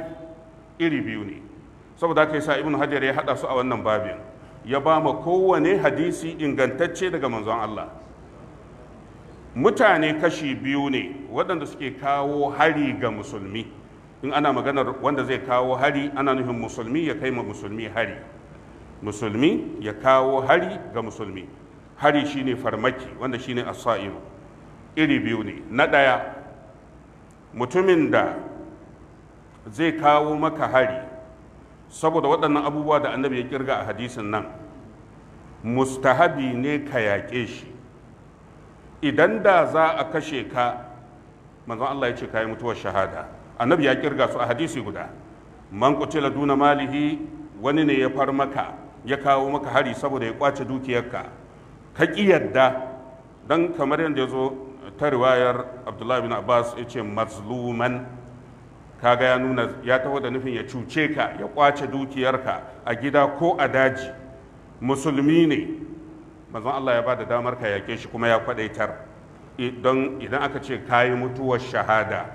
iri biyu ne saboda haka yasa ibnu hajar ya hada su a wannan babin ya ba ma kowane hadisi ingantacce daga manzon Allah mutane kashi biyu ne waɗanda suke kawo hari ga musulmi in ana maganar wanda zai kawo hari ana nufin musulmi ya kai ma musulmi hari musulmi ya kawo hari ga musulmi hari shine farmaki wanda shine asairu iri biyu ne na ɗaya mutumin da zai kawo maka hari saboda waɗannan abubuwa da annabi ya kirga a hadisin nan mustahabi ne ka yaƙe shi idan da za a kashe ka manzon Allah ya ce ka yi mutuwar shahada annabi ya kirga su a hadisi guda man qutila duna malihi wani ne ya far maka ya kawo maka hari saboda ya kwace dukiyarka ka ki yadda dan kamar yadda ya zo ta riwayar abdullahi bin abbas ya ce mazluman kaga ya nuna ya taho da nufin ya cuce ka ya kwace dukiyarka a gida ko a daji musulmi ne manzon allah ya ba da damar ka yake shi kuma ya kwadaitar don idan aka ce kayi mutuwar shahada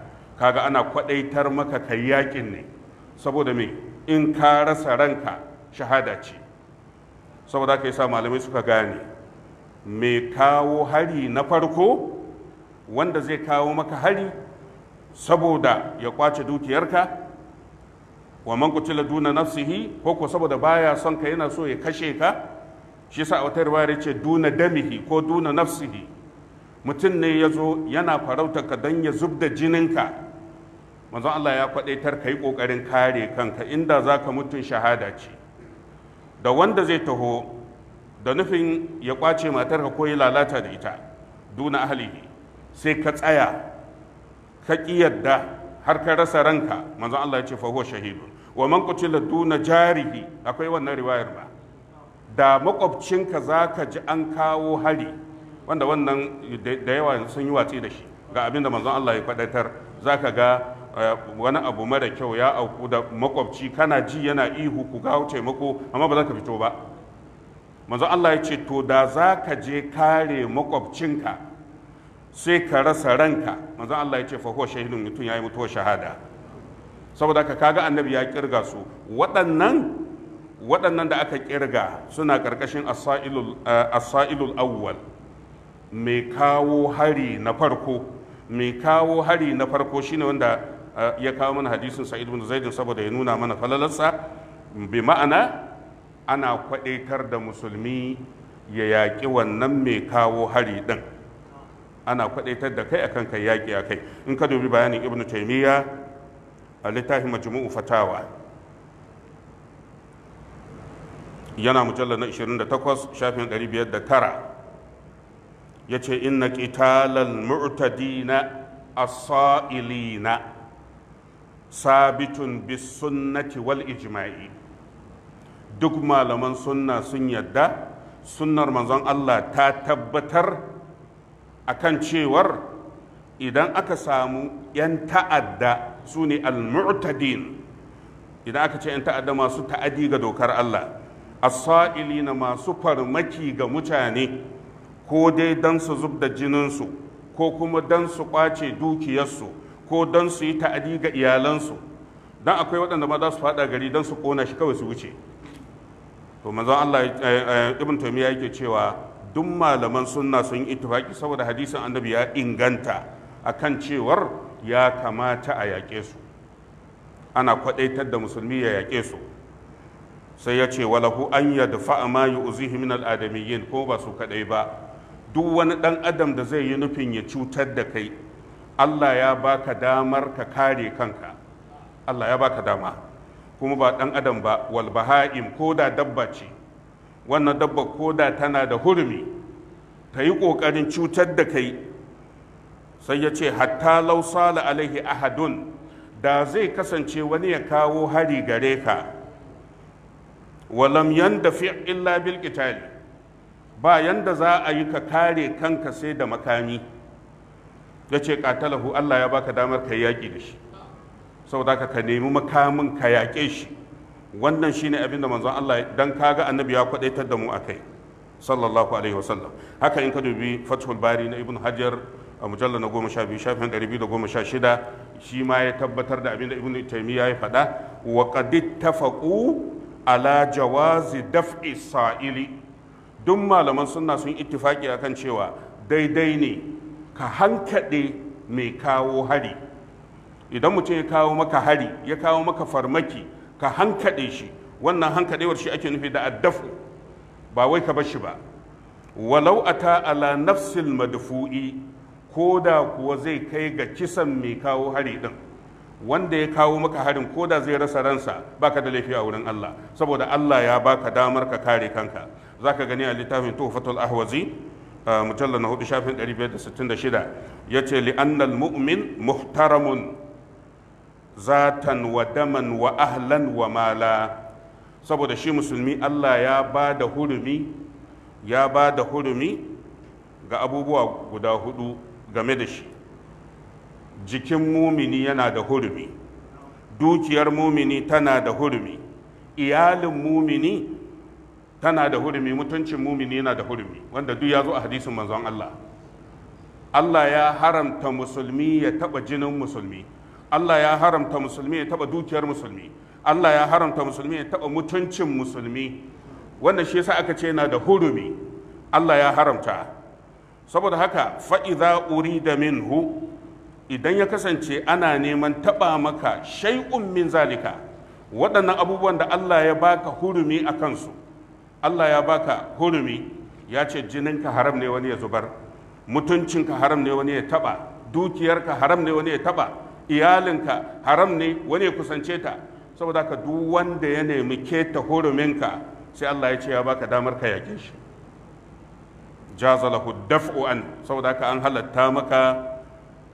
kaga ana kwadaitar maka kai yakin ne saboda me in ka rasa ranka shahada ce saboda haka yasa malamai suka gane me kawo hari na farko wanda zai kawo maka hari saboda ya kwace dukiyarka wa man kutila duna nafsihi ko ko saboda baya son ka yana so ya kashe ka shi sa wata riwaya ce duna damihi ko duna nafsihi mutum ne ya zo yana farautar ka don ya zubda da jininka manzon Allah ya kwadaitar kai kokarin kare kanka inda zaka mutun shahada ce da wanda zai taho da nufin ya kwace matarka ko ya lalata da ita duna ahlihi sai ka tsaya ka kiyarda har ka rasa ranka manzon Allah ya ce fa huwa shahidu. wa man qutila duna jarihi akwai wannan riwayar ba da makwabcinka zaka ji an kawo hari wanda wannan da yawa sun yi watsi da shi ga abinda da manzon Allah ya kwadaitar zaka ga Eh, wani abu mara kyau ya auku da makwabci kana ji yana ihu ku ga taimako amma ba za ka fito ba manzo Allah ya ce to da za ka je kare makwabcinka sai ka rasa ranka manzo Allah ya ce fa huwa shahidun mutum yayi mutuwa shahada saboda ka kaga annabi ya kirga su waɗannan waɗannan da aka kirga suna ƙarƙashin asailul eh, awwal mai kawo hari na farko mai kawo hari na farko shine wanda ya kawo mana hadisin sa'id ibn zaidin saboda ya nuna mana falalarsa bi ma'ana ana kwadaitar da musulmi ya yaƙi wannan mai kawo hari ɗin ana kwadaitar da kai akan kai yaƙi a kai in ka dubi bayanin ibn taimiyya a littafi majmu'u fatawa yana mujallar na 28 shafin 509 ya ce inna qitalal mu'tadina as-sa'ilina sabitun bis sunnati wal ijma'i duk malaman sunna sun yadda sunnar manzon Allah ta tabbatar akan cewar idan aka samu 'yan ta'adda su ne al-mu'tadin idan aka ce 'yan ta'adda masu ta'adi ga dokar Allah asa'ili na masu farmaki ga mutane ko dai don su zub da jininsu ko kuma don su kwace dukiyarsu ko don su yi ta'adi ga iyalansu don akwai waɗanda ma za su faɗa gari don su ƙona shi kawai su wuce to manzon Allah eh, eh, ibn taimiyya yake cewa duk malaman sunna sun yi tufaki saboda hadisin annabi ya inganta akan cewar ya kamata a yaƙe su ana kwaɗaitar da musulmi ya yaƙe su sai ya ce walahu an ya dafa ma yi min al-adamiyyin ko ba su kadai ba duk wani ɗan adam da zai yi nufin ya cutar da kai Allah ya baka damar ka kare kanka Allah ya baka dama kuma ba ɗan adam ba wal baha'im ko da dabba ce wannan dabba ko da tana da hurumi ta yi ƙoƙarin cutar da kai sai ya ce hatta lausala alaihi ahadun da zai kasance wani ya kawo hari gare ka walam yanda fi illa bil ba yanda za a yi ka kare kanka sai da makami ya ce katalahu Allah ya baka damar ka yaƙi da shi saboda ka ka nemi makamin ka yaƙe shi wannan shine abin da manzon Allah dan kaga annabi ya kwadaitar da mu akai sallallahu alaihi wasallam haka in ka dubi fathul bari na ibn hajar a mujalla na goma sha biyu shafin ɗari biyu da goma sha shida shi ma ya tabbatar da abin da ibn taimiyya ya faɗa wa qad tafaqu ala jawazi daf'i sa'ili duk malaman sunna sun ittifaki akan cewa daidai ne ka hankaɗe mai kawo hari idan mutum ya kawo maka hari ya kawo maka farmaki ka hankaɗe shi wannan hankaɗewar shi ake nufi da addafu ba wai ka bashi ba walau ata ala nafsil madfu'i ko da kuwa zai kai ga kisan mai kawo hari din wanda ya kawo maka harin ko da zai rasa ransa baka da laifi a wurin Allah saboda Allah ya baka damar ka kare kanka zaka gani a littafin tuhfatul ahwazi mujalla na hudu shafin 566 ya ce li'annal mu'min muhtaramun zatan wa daman wa ahlan wa mala saboda shi musulmi Allah ya ba da hurumi ya ba da hurumi ga abubuwa guda hudu game da shi jikin mumini yana da hurumi dukiyar mumini tana da hurumi iyalin mumini tana da hurumi mutuncin mumini yana da hurumi wanda duk ya zo a hadisin manzon Allah Allah ya haramta musulmi ya taba jinin musulmi Allah ya haramta musulmi ya taba dukiyar musulmi Allah ya haramta musulmi ya taba mutuncin musulmi wanda shi yasa aka ce yana da hurumi Allah ya haramta saboda haka fa'iza urida minhu idan ya kasance ana neman taba maka shay'un min zalika waɗannan abubuwan da Allah ya baka hurumi a kansu Allah ya baka hurumi ya ce jininka haram ne wani ya zubar mutuncinka haram ne wani ya taba dukiyarka haram ne wani ya taba iyalinka haram ne wani ya kusance ta saboda ka duk wanda ya nemi keta huruminka sai Allah ya ce ya baka damar ka yake shi jaza lahu daf'u an saboda ka an halatta maka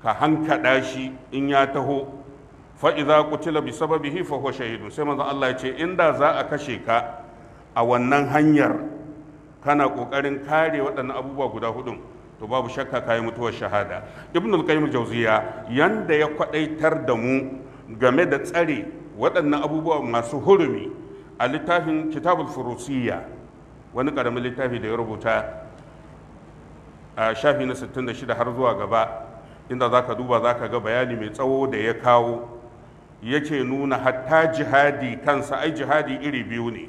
ka hankada shi in ya taho fa idza qutila bi sababihi fa huwa shahidun sai manzo Allah ya ce inda za a kashe ka a wannan hanyar kana ƙoƙarin kare waɗannan abubuwa guda hudun to babu shakka kayi mutuwar shahada ibn al-qayyim jawziya yanda ya kwadaitar da mu game da tsare waɗannan abubuwa masu hurumi a littafin kitabul furusiyya wani karamin littafi da ya rubuta a shafi na 66 har zuwa gaba inda zaka duba zaka ga bayani mai tsawo da ya kawo yake nuna hatta jihadi kansa ai jihadi iri biyu ne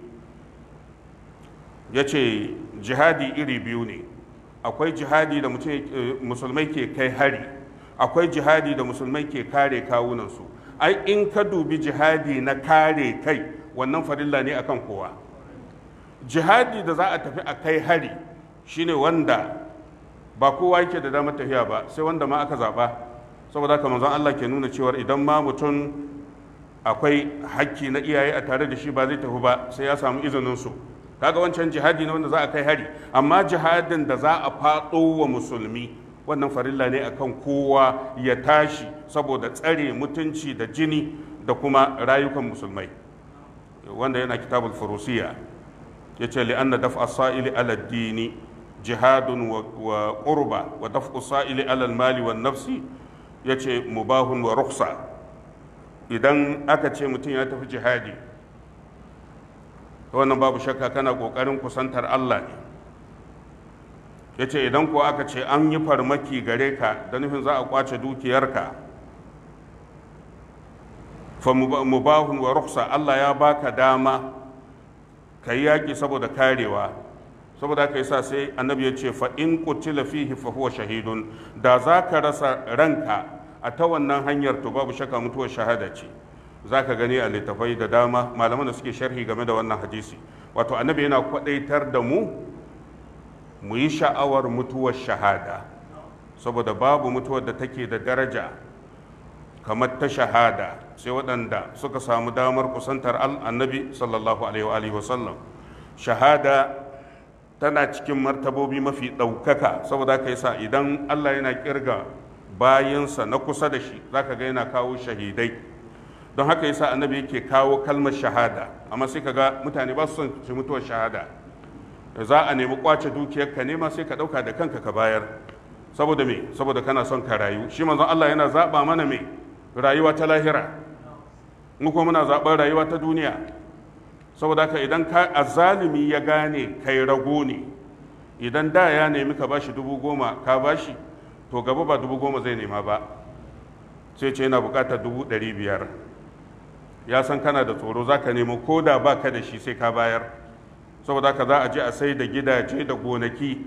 ya ce jihadi iri biyu ne akwai jihadi da eh, musulmai ke kai hari akwai jihadi da musulmai ke kare kawunansu ai in ka dubi jihadi na kare kai wannan farilla ne akan kowa jihadi da za a tafi a kai hari shine wanda ba kowa yake da damar tafiya ba sai wanda ma aka zaba saboda haka manzon Allah ke nuna cewa idan ma mutum akwai hakki na iyaye a tare da shi ba zai tafi ba sai ya samu izinin su kaga wancan jihadi ne wanda za a kai hari amma jihadin da za a faɗo wa musulmi wannan farilla ne akan kowa ya tashi saboda tsare mutunci da jini da kuma rayukan musulmai wanda yana kitabul furusiya ya ce li'anna daf'a sa'ili ala dini jihadun wa qurba wa daf'u sa'ili ala mali wa nafsi ya ce mubahun wa ruksa idan aka ce mutum ya tafi jihadi wannan babu shakka kana ƙoƙarin kusantar Allah ne ya ce idan ko aka ce an yi farmaki gare ka da nufin za a kwace dukiyarka fa mubahun wa ruksa Allah ya baka dama ka yi yaƙi saboda karewa saboda yi sa, sai annabi ya ce fa in qutila fihi fa huwa shahidun da za ka rasa ranka a ta wannan hanyar to babu shakka mutuwar shahada ce za ka gani a littafai da dama malaman da suke sharhi game da wannan hadisi wato annabi yana kwadaitar da mu mu yi sha'awar mutuwar shahada saboda babu mutuwar da take da daraja kamar ta shahada sai waɗanda suka samu damar kusantar annabi sallallahu alaihi wa sallam shahada tana cikin martabobi mafi ɗaukaka saboda ka yasa idan allah yana kirga bayansa na kusa da shi za ka ga yana kawo shahidai don haka yasa annabi yake kawo kalmar shahada amma sai kaga mutane ba su son su mutuwar shahada za a nemi kwace dukiyar ka nema sai ka dauka da kanka ka bayar saboda me saboda kana son ka rayu shi manzon Allah yana zaba mana me rayuwa ta lahira mu kuma muna zaban rayuwa ta duniya saboda haka idan ka azalimi ya gane kai rago ne idan da ya nemi ka bashi dubu goma ka bashi to gaba ba dubu goma zai nema ba sai ce yana bukatar dubu ɗari biyar ya san kana da tsoro za ka nemo ko da ba ka da shi sai ka bayar saboda ka za a je a sai da gidaje da gonaki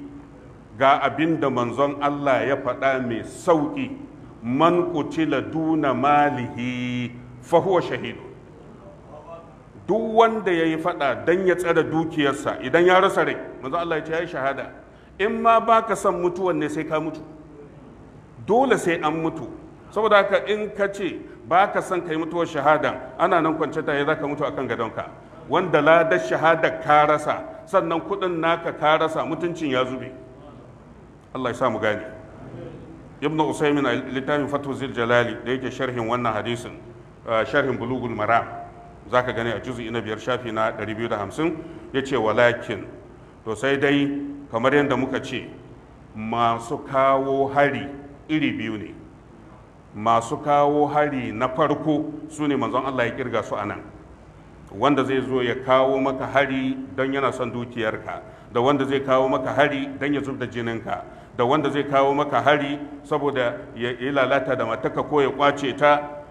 ga abin da manzon Allah ya faɗa mai sauƙi man kutila duna malihi fahuwa shahidu duk wanda ya yi faɗa don ya tsare dukiyarsa idan ya rasa rai manzon Allah ya ce ya yi shahada in ma ba ka son mutuwan ne sai ka mutu dole sai an mutu saboda haka in ka ce ba ka san ka yi mutuwar shahadan ana nan kwance ta za ka mutu akan gadonka wanda ladar shahadar ka rasa sannan kuɗin naka ka rasa mutuncin ya zube Allah ya sa mu gane ibnu usaymin a littafin fatu zil jalali da yake sharhin wannan hadisin sharhin bulugul maram za ka gani a juzu'i na biyar shafi na 250 ya walakin to sai dai kamar yadda muka ce masu kawo hari iri biyu ne masu kawo hari na farko su ne manzon Allah ya kirga su a nan wanda zai zo ya kawo maka hari don yana son dukiyarka da wanda zai kawo maka hari don ya zubda jininka da wanda zai kawo maka hari saboda ya lalata da mataka ko ya kwace ta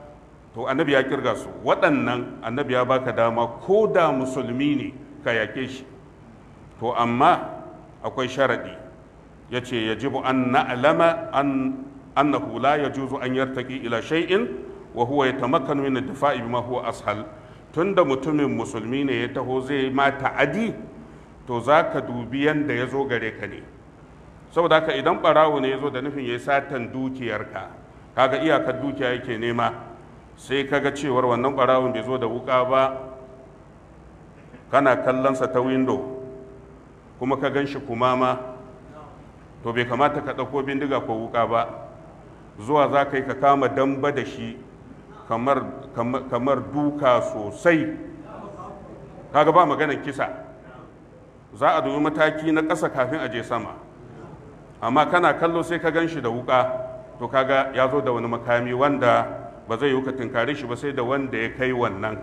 to annabi ya kirga su waɗannan annabi ya baka dama ko da musulmi ne ka yake shi to amma akwai sharaɗi ya ce yajibu an na'lama an annahu la yajuzu an yartaki ila shay'in wa huwa yatamakkanu min ad-difa'i bima huwa ashal tunda mutumin musulmi ne ya taho zai mata aji to zaka dubi yanda ya zo gare ka ne saboda haka idan barawo ne ya zo da nufin ya satan dukiyarka kaga iyakar dukiya yake nema sai kaga cewar wannan barawon bai zo da wuka ba kana kallonsa ta windo kuma ka gan shi kumama to bai kamata ka ɗauko bindiga ko wuka ba zuwa za ka yi ka kama damba da shi kamar duka sosai kaga ba magana kisa za a dubi mataki na ƙasa kafin a je sama amma kana kallo sai ka gan shi da wuka to kaga ya zo da wani makami wanda ba zai yi ka tunkari shi ba sai da wanda ya kai wannan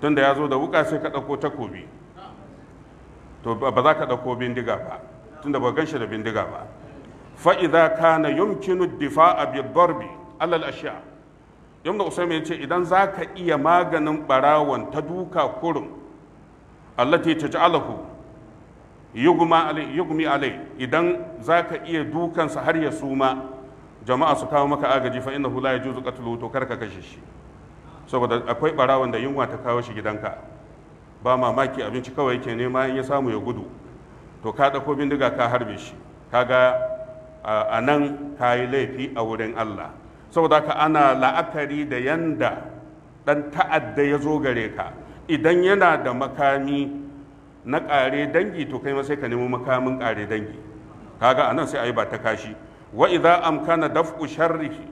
tunda ya zo da wuka sai ka ɗauko takobi to ba za ka ɗauko bindiga ba tunda ba gan shi da bindiga ba fa'iza kana yumkinu difa bi darbi alal ashiya ibn usaymin ce idan zaka iya maganin barawon ta duka kurum allati taj'alahu yugma alahu yugmi alai idan zaka iya dukansa har ya suma jama'a su kawo maka agaji fa hula ya yajuzu qatluhu to karka kashe shi saboda akwai barawon da yunwa ta kawo shi gidanka ba mamaki abinci kawai yake nema in ya samu ya gudu to ka dauko bindiga ka harbe shi ka ga a nan ta yi laifi a wurin Allah saboda ka ana la'akari da yanda ɗan ta'adda ya zo gare ka idan yana da makami na ƙare dangi to kai ma sai ka nemo makamin ƙare dangi kaga nan sai a yi ba ta kashi wa idza amkana daf'u sharrihi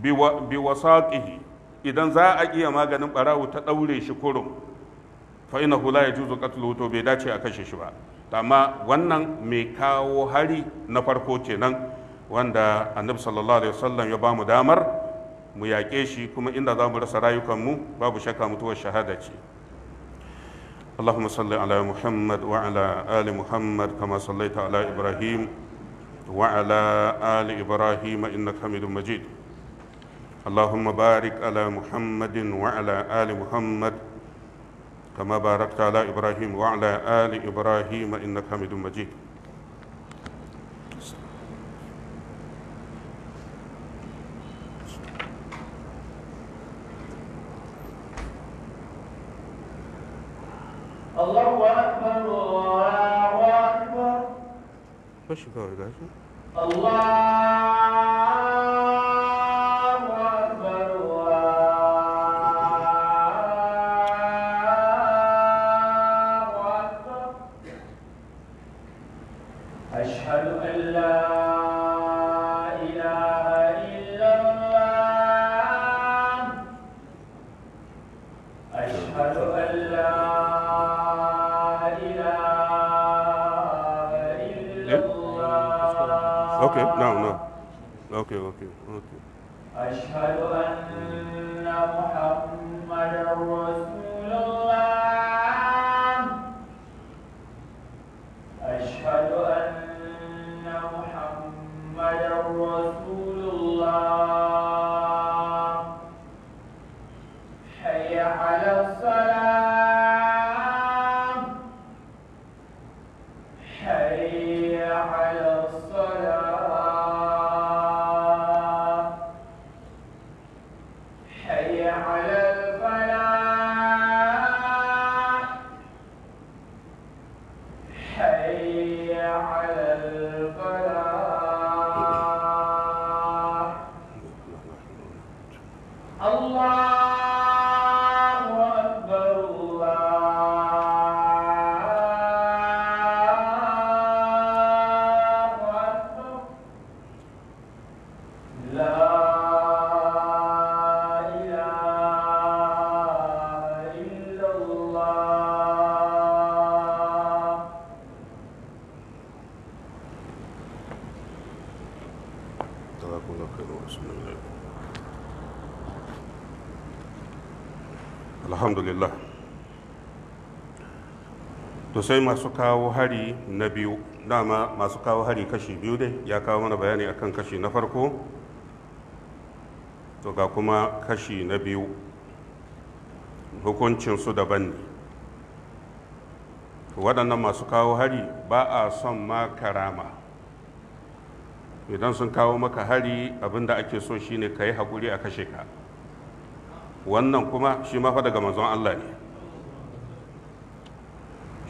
bi wasaqihi idan za a iya maganin ɓarawu ta ɗaure shi kurum fa innahu la yajuzu qatluhu to bai dace a kashe shi ba amma wannan mai kawo hari na farko kenan wanda annabi sallallahu alaihi wasallam ya bamu damar mu yaƙe shi kuma inda za mu rasa rayukanmu babu shakka mutuwar shahada ce اللهم صل على محمد وعلى آل محمد كما صليت على إبراهيم وعلى آل إبراهيم إنك حميد مجيد اللهم بارك على محمد وعلى آل محمد كما باركت على إبراهيم وعلى آل إبراهيم إنك حميد مجيد الله أكبر الله أكبر الله أكبر sai masu kawo hari na biyu dama masu kawo hari kashi biyu dai ya kawo mana bayani akan kashi na farko to ga kuma kashi na biyu hukuncinsu daban ne waɗannan masu kawo hari ba a son ma karama idan sun kawo maka hari abinda ake so shine ka yi haƙuri a kashe ka wannan kuma shi mafa daga manzon Allah ne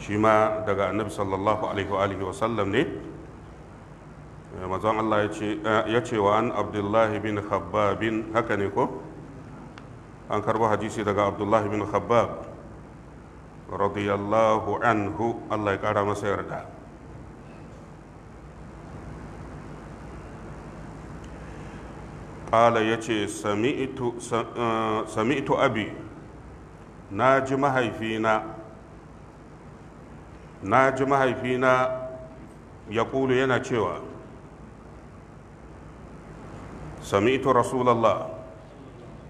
shi ma daga annabi sallallahu alaihi wa sallam ne eh, mazan Allah eh, ya ce wa an abdullahi bin bin haka ne ko an karbo hadisi daga abdullahi bin khabbab radiyallahu anhu Allah ya kara masa yarda ƙala ya ce eh, sami'tu abi na ji mahaifina na ji mahaifina ya kulu yana cewa sami'tu rasulallah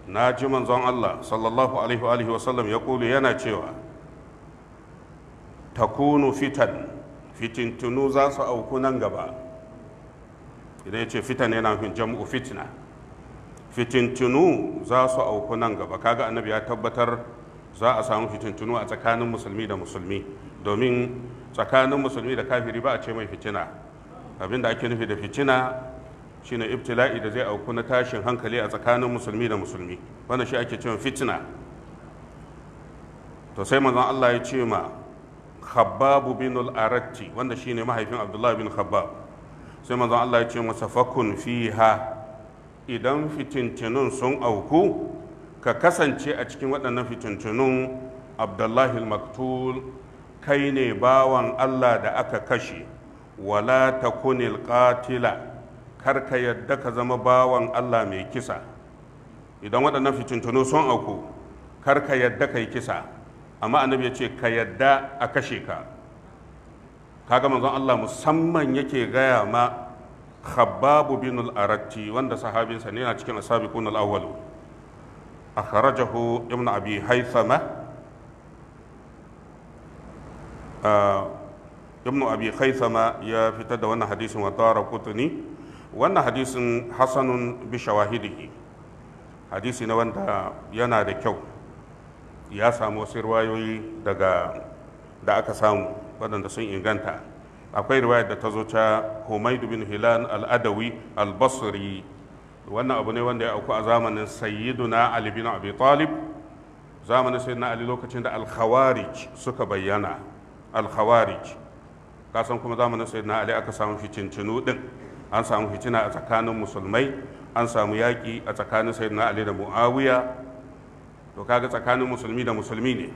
na ji manzon Allah sallallahu alaihi wasallam ya kulu yana cewa takunu fitan fitintunu za su auku nan gaba idan ya ce fitan yana fin jam'u fitna fitintunu za su auku nan gaba kaga annabi ya tabbatar za a samu fitintunu a tsakanin musulmi da musulmi domin tsakanin musulmi da kafiri ba a ce mai fitina abinda ake nufi da fitina shine ibtila'i da zai auku na tashin hankali a tsakanin musulmi da musulmi wanda shi ake cewa fitina to sai manzon Allah ya ce ma Khabbab bin al-Aratti wanda shine mahaifin Abdullahi bin Khabbab sai manzon Allah ya ce masa fakun fiha idan fitintinun sun auku ka kasance a cikin waɗannan fitintinun Abdullahi al-Maktul kai ne bawan Allah da aka kashe wala kuni qatila kar ka yadda ka zama bawan Allah mai kisa idan waɗannan fitintuno sun auku kar ka yadda kai kisa amma annabi ya ce ka yadda a kashe ka kaga manzon Allah musamman yake gaya ma khababu bin al-aratti wanda sahabinsa ne yana cikin asabiqun al-awwal akhrajahu ibn abi haythama ibnu abi khaisama ya fitar da wannan hadisin wa tara kutuni wannan hadisin hasanun bi shawahidihi hadisi na wanda yana da kyau ya samu wasu riwayoyi daga da aka samu waɗanda sun inganta akwai riwayar da ta zo ta Humaydu bin Hilal al-Adawi al-Basri wannan abu ne wanda ya auku a zamanin Sayyiduna Ali bin Abi Talib zamanin Sayyidina Ali lokacin da al-Khawarij suka bayyana al kasan kuma zamanin sayyidina ali aka samu ficincinu din an samu fitina a tsakanin musulmai an samu yaƙi a tsakanin sayyidina ali da muawiya to kaga tsakanin musulmi da musulmi ne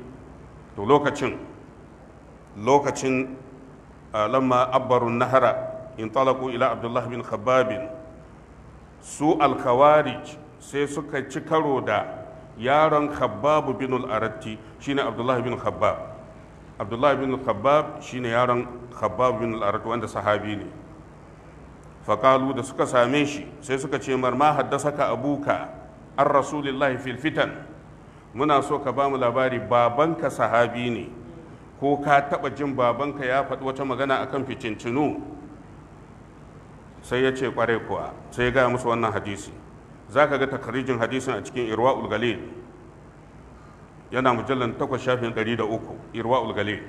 to lokacin lokacin lamma abbarun nahara in talaku ila abdullahi bin khabbabin su alkhawarij sai suka ci karo da yaron khabbabu bin al shine abdullahi bin khabbab abdullahi bin khabbab shine yaron khabbab bin al wanda sahabi ne faƙalu da suka same shi sai suka ce marma haddasa ka abuka an rasulillahi fil fitan muna so ka bamu labari babanka sahabi ne ko ka taɓa jin babanka ya faɗi wata magana akan ficincinu sai ya ce kware kuwa sai ya gaya musu wannan hadisi za ka ga takarijin hadisin a cikin irwa galil. yana mujallar takwas shafin ɗari da uku irwa ulgale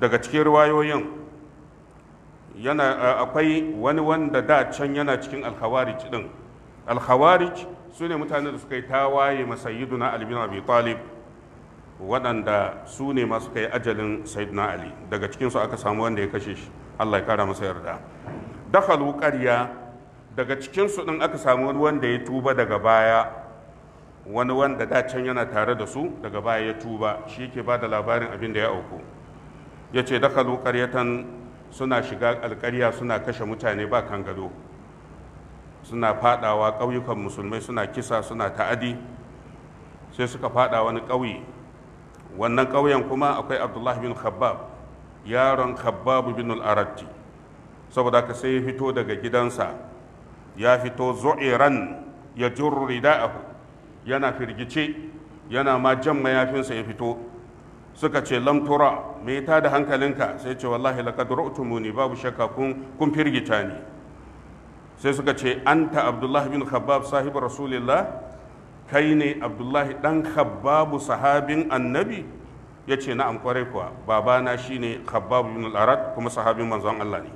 daga cikin ruwayoyin yana akwai wani wanda da can yana cikin alkhawarij din alkhawarij su ne mutane da suka yi tawaye masayiduna ali bin abi talib waɗanda su ne masu kai ajalin na ali daga cikinsu aka samu wanda ya kashe shi allah ya kara masa yarda dakhalu ƙarya daga cikinsu ɗin aka samu wanda ya tuba daga baya wani wanda dacen yana tare da su daga baya ya tuba shi yake ba da labarin abin da ya auku ya ce dakalu ƙaryatan suna shiga alƙarya suna kashe mutane ba kan gado suna fadawa ƙauyukan musulmai suna kisa suna ta'adi sai suka fada wani ƙauye wannan ƙauyen kuma akwai abdullahi bin khabbab yaron khabbab bin al-aratti saboda haka sai ya fito daga gidansa ya fito zu'iran ya jurru da'ahu yana firgice yana ma jan mayafinsa ya fito suka ce lamtura me ta da hankalinka sai ce wallahi laqad ru'tumuni babu shakka kun kun firgita ni sai suka ce anta abdullahi bin khabbab sahibu rasulillah kai ne abdullahi dan khabbabu sahabin annabi ya ce na kwarai kuwa babana shine khabbab bin al-arad kuma sahabin manzon Allah ne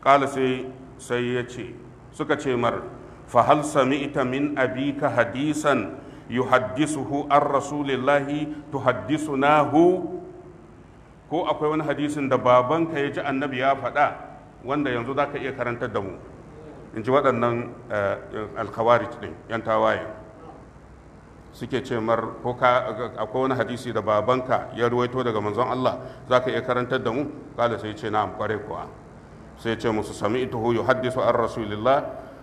kala sai sai ya ce suka ce mar fa hal sami'ta min abika hadisan yuhaddisuhu an rasulillahi ko akwai wani hadisin da babanka ya ji annabi ya faɗa wanda yanzu za ka iya karantar da mu in ji waɗannan eh, alkawari ɗin yan tawaye suke ce mar ko akwai wani hadisi da babanka ya ruwaito daga manzon Allah za ka iya karantar da mu kala sai ce na kware kuwa sai ce musu sami ita hu yuhaddisu an rasulillah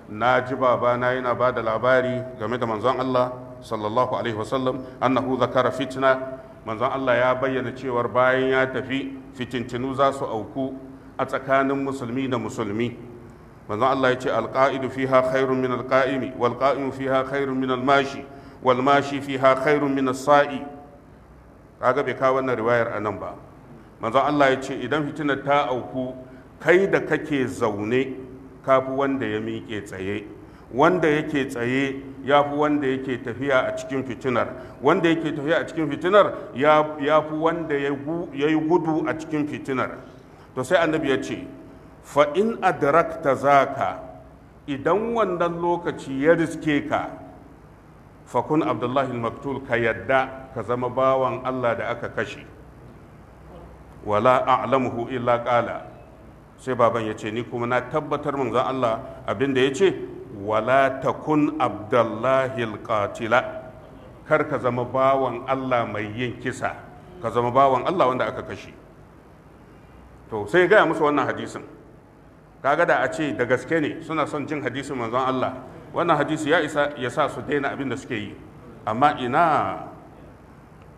na ji babana yana ba da labari game da manzon Allah sallallahu alaihi wasallam annahu zakara fitna manzon Allah ya bayyana cewar bayan ya tafi fitintinu za su auku a tsakanin musulmi da musulmi manzon Allah ya ce alqa'idu fiha khairun min alqa'imi wal qa'imu fiha khairun min almashi wal mashi fiha khairun min as-sa'i kaga bai kawo wannan riwayar anan ba manzon Allah ya ce idan fitinar ta auku kai da kake zaune kafu wanda ya miƙe tsaye wanda yake tsaye ya fi wanda yake tafiya a cikin fitinar wanda yake tafiya a cikin fitinar ya fi wanda ya yi gudu a cikin fitinar to sai annabi ya ce fa'in za zaka idan wannan lokaci ya riske ka fakun abdullahi maktul ka yadda ka zama bawan allah da aka kashe wala a'lamuhu illa qala sai baban ya ce ni kuma na tabbatar manzon Allah abinda ya ce wala takun abdullahi alqatila kar ka zama bawan Allah mai yin kisa ka zama bawan Allah wanda aka kashe to sai gaya musu wannan hadisin kaga da a ce da gaske ne suna son jin hadisin manzon Allah wannan hadisi ya isa ya sa su daina abin da suke yi amma ina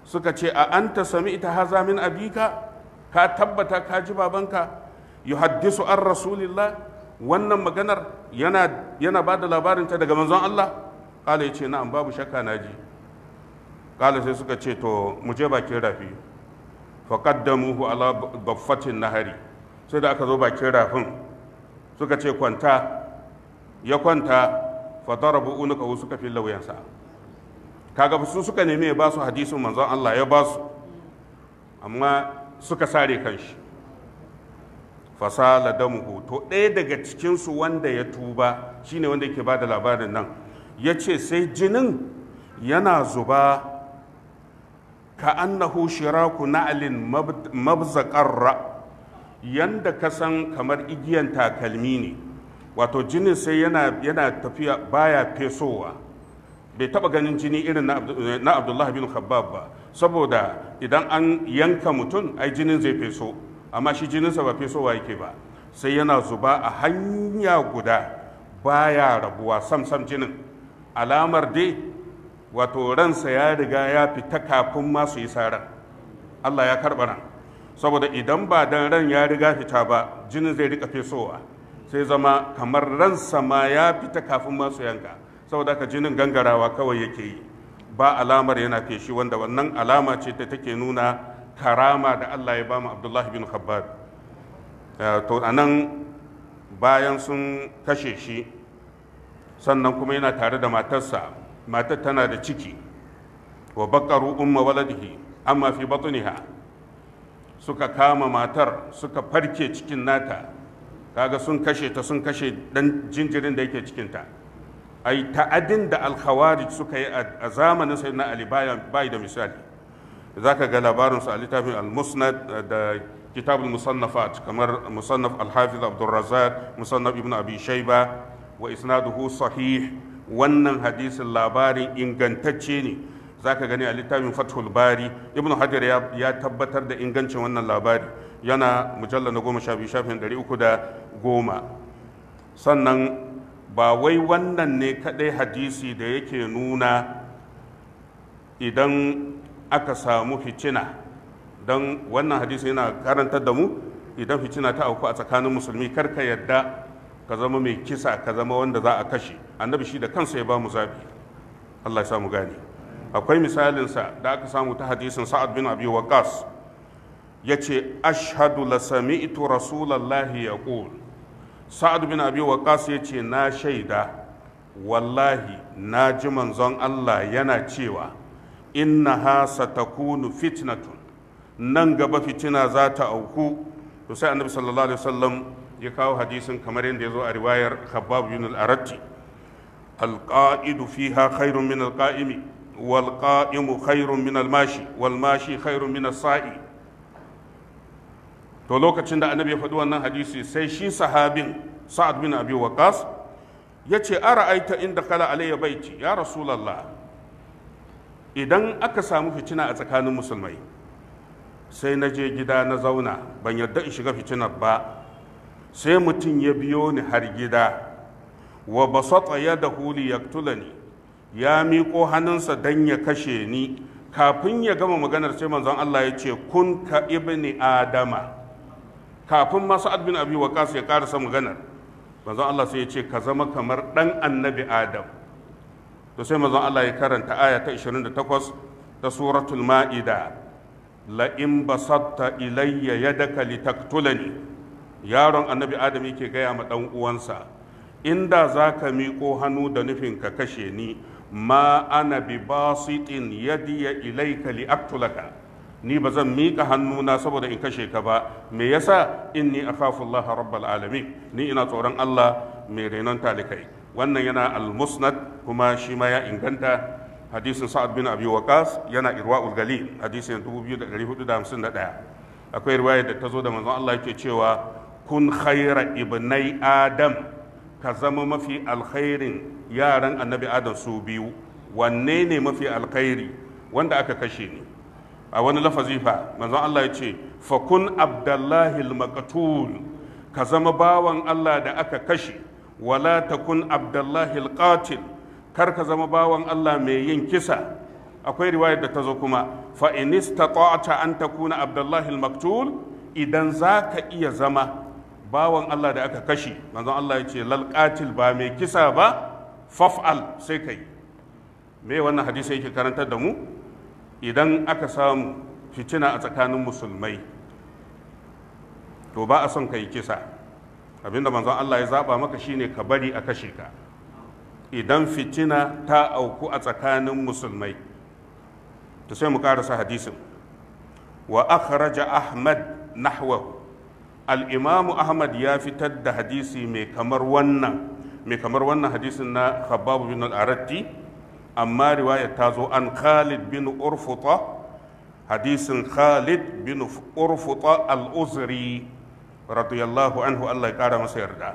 suka ce a anta sami ita haza min abika ka tabbata ka ji babanka yuhaddisu an rasulillah wannan maganar yana yana bada labarin ta daga manzon Allah kala yace na'am babu shakka naji kala sai suka ce to mu je bakin rafi faqaddamuhu ala baffatin nahari sai da aka zo bakin rafin suka ce kwanta ya kwanta fatarabu unuka suka fi lauyansa kaga su suka nemi ya ba su hadisin manzon Allah ya ba su amma suka sare kanshi fasala damuhu to ɗaya daga cikinsu wanda ya tuba shine wanda yake da labarin nan ya ce sai jinin yana zuba ka annahu shiraku na'alin mabzaƙarra yanda ka san kamar igiyan takalmi ne wato jinin sai yana tafiya baya fesowa bai taba ganin jini irin na abdullahi bin khabbab ba saboda idan an yanka mutum ai jinin zai feso amma shi jininsa ba fesowa yake ba sai yana zuba a hanya guda baya rabuwa sam-sam jinin alamar dai wato ransa ya riga ya fita kafin ma su yi ran Allah ya karɓa ran saboda idan ba dan ran ya riga fita ba jinin zai rika fesowa sai zama kamar ransa ma ya fita kafin masu yanka saboda haka jinin gangarawa kawai yake yi ba alamar yana feshi wanda wannan alama ce ta take nuna karama da Allah ya ba mu Abdullahi bin Khabbab to nan bayan sun kashe shi sannan kuma yana tare da matarsa matar tana da ciki wa bakaru umma waladihi amma fi batniha suka kama matar suka farke cikin nata kaga sun kashe ta sun kashe dan jinjirin da yake cikinta ai ta'adin da alkhawarij suka yi a zamanin sayyidina ali bai da misali zaka ga labarinsu a littafin al-musnad eh, da kitabul al-musannafat kamar musannaf al-hafiz abdurrazzaq musannaf ibn abi shayba wa isnaduhu sahih wannan hadisin labarin ingantacce ne ka gani a littafin fathul bari ibn hajar ya tabbatar da ingancin wannan labari yana mujallar na goma sha biyu shafin ɗari uku da goma sannan ba wai wannan ne kaɗai hadisi da yake nuna idan aka samu fitina don wannan hadisi yana karantar da mu idan fitina ta auku a tsakanin musulmi kar ka yadda ka zama mai kisa ka zama wanda za a kashe annabi shi da kansa ya ba mu zabi Allah ya samu gane akwai misalinsa da aka samu ta hadisin sa'ad bin abi waqas yace ashhadu la sami'tu rasulallahi yaqul sa'ad bin abi waqas yace na shaida wallahi na ji manzon Allah yana cewa inna innaha satakunu fitnatun nan gaba fitina za ta auku to sai annabi sallallahu alaihi wasallam ya kawo hadisin kamar yadda ya zo a riwayar khabbab bin al-aratti al fiha khairun min al-qa'imi wal khairun min almashi walmashi wal mashi khairun min as-sa'i to lokacin da annabi ya faɗi wannan hadisi sai shi sahabin sa'ad bin abi waqas yace ara'aita inda kala alayya baiti ya rasulullah idan aka samu fitina a tsakanin musulmai sai na je gida na zauna ban yarda in shiga fitinar ba sai mutum ya biyo ni har gida wa basata ya da huli ya ya miƙo hannunsa dan ya kashe ni kafin ya gama maganar sai manzon Allah ya ce kun ka ibni adama kafin masu sa'ad bin abi waqas ya karasa maganar manzon Allah sai ya ce ka zama kamar ɗan annabi adam to sai mazan Allah ya karanta aya ta 28 ta suratul ma'ida la in basatta ilayya yadaka litaktulani yaron annabi adam yake gaya ma dan uwansa inda zaka miƙo hannu da nufin ka kashe ni ma ana bi basitin yadiya ilayka liaktulaka ni ba zan miƙa hannuna saboda in kashe ka ba me yasa inni akhafu Allah rabbal alamin ni ina tsoron Allah mai renon talikai wannan yana al-musnad kuma shi ma ya inganta hadisin sa'ad bin abi waqas yana irwaul galil hadisin 2451 akwai riwaya da ta zo da manzon Allah yake cewa kun khaira ibnai adam ka zama mafi alkhairin yaran annabi adam su biyu wanne ne mafi alkhairi wanda aka kashe ne a wani lafazi fa manzon Allah ya ce fa kun abdullahi al-maqtul ka zama bawan Allah da aka kashe wala takun abdullahi alqatil kar ka zama bawan Allah mai yin kisa akwai riwayar da ta zo kuma fa in istata'ta an takuna abdullahi almaktul idan zaka iya zama bawan Allah da aka kashe manzon Allah yace ce lal ba mai kisa ba faf'al sai kai me wannan hadisi yake karantar da mu idan aka samu fitina a tsakanin musulmai to ba a son ka yi kisa abinda manzon Allah ya zaba maka shine ka bari a kashe ka idan fitina ta auku a tsakanin musulmai to sai mu karasa hadisin wa akhraja ahmad nahwahu al-imamu ahmad ya fitar da hadisi mai kamar wannan mai kamar wannan hadisin na khabbab bin al-aratti amma riwaya ta zo an khalid bin urfuta hadisin khalid bin urfuta al-uzri radiyallahu anhu Allah ya kara masa yarda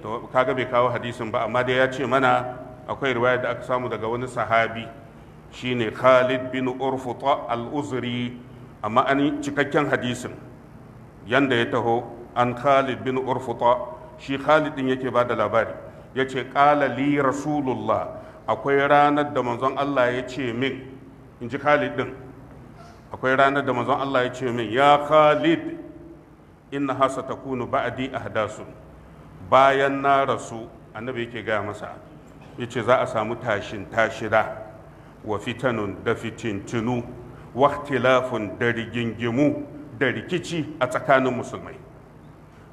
to kaga bai kawo hadisin ba amma dai ya ce mana akwai riwaya da aka samu daga wani sahabi shine Khalid bin Urfuta al-Uzri amma an cikakken hadisin yanda ya taho an Khalid bin Urfuta shi Khalid din yake bada labari yace qala li rasulullah akwai ranar da manzon Allah ya ce min in ji Khalid din akwai ranar da manzon Allah ya ce min ya Khalid inna hasa takunu ba'di ahdasun bayan na rasu annabi yake gaya masa yace za a samu tashin tashira wa fitanun da fitintinu wa tilafin da rigingimu da rikici a tsakanin musulmai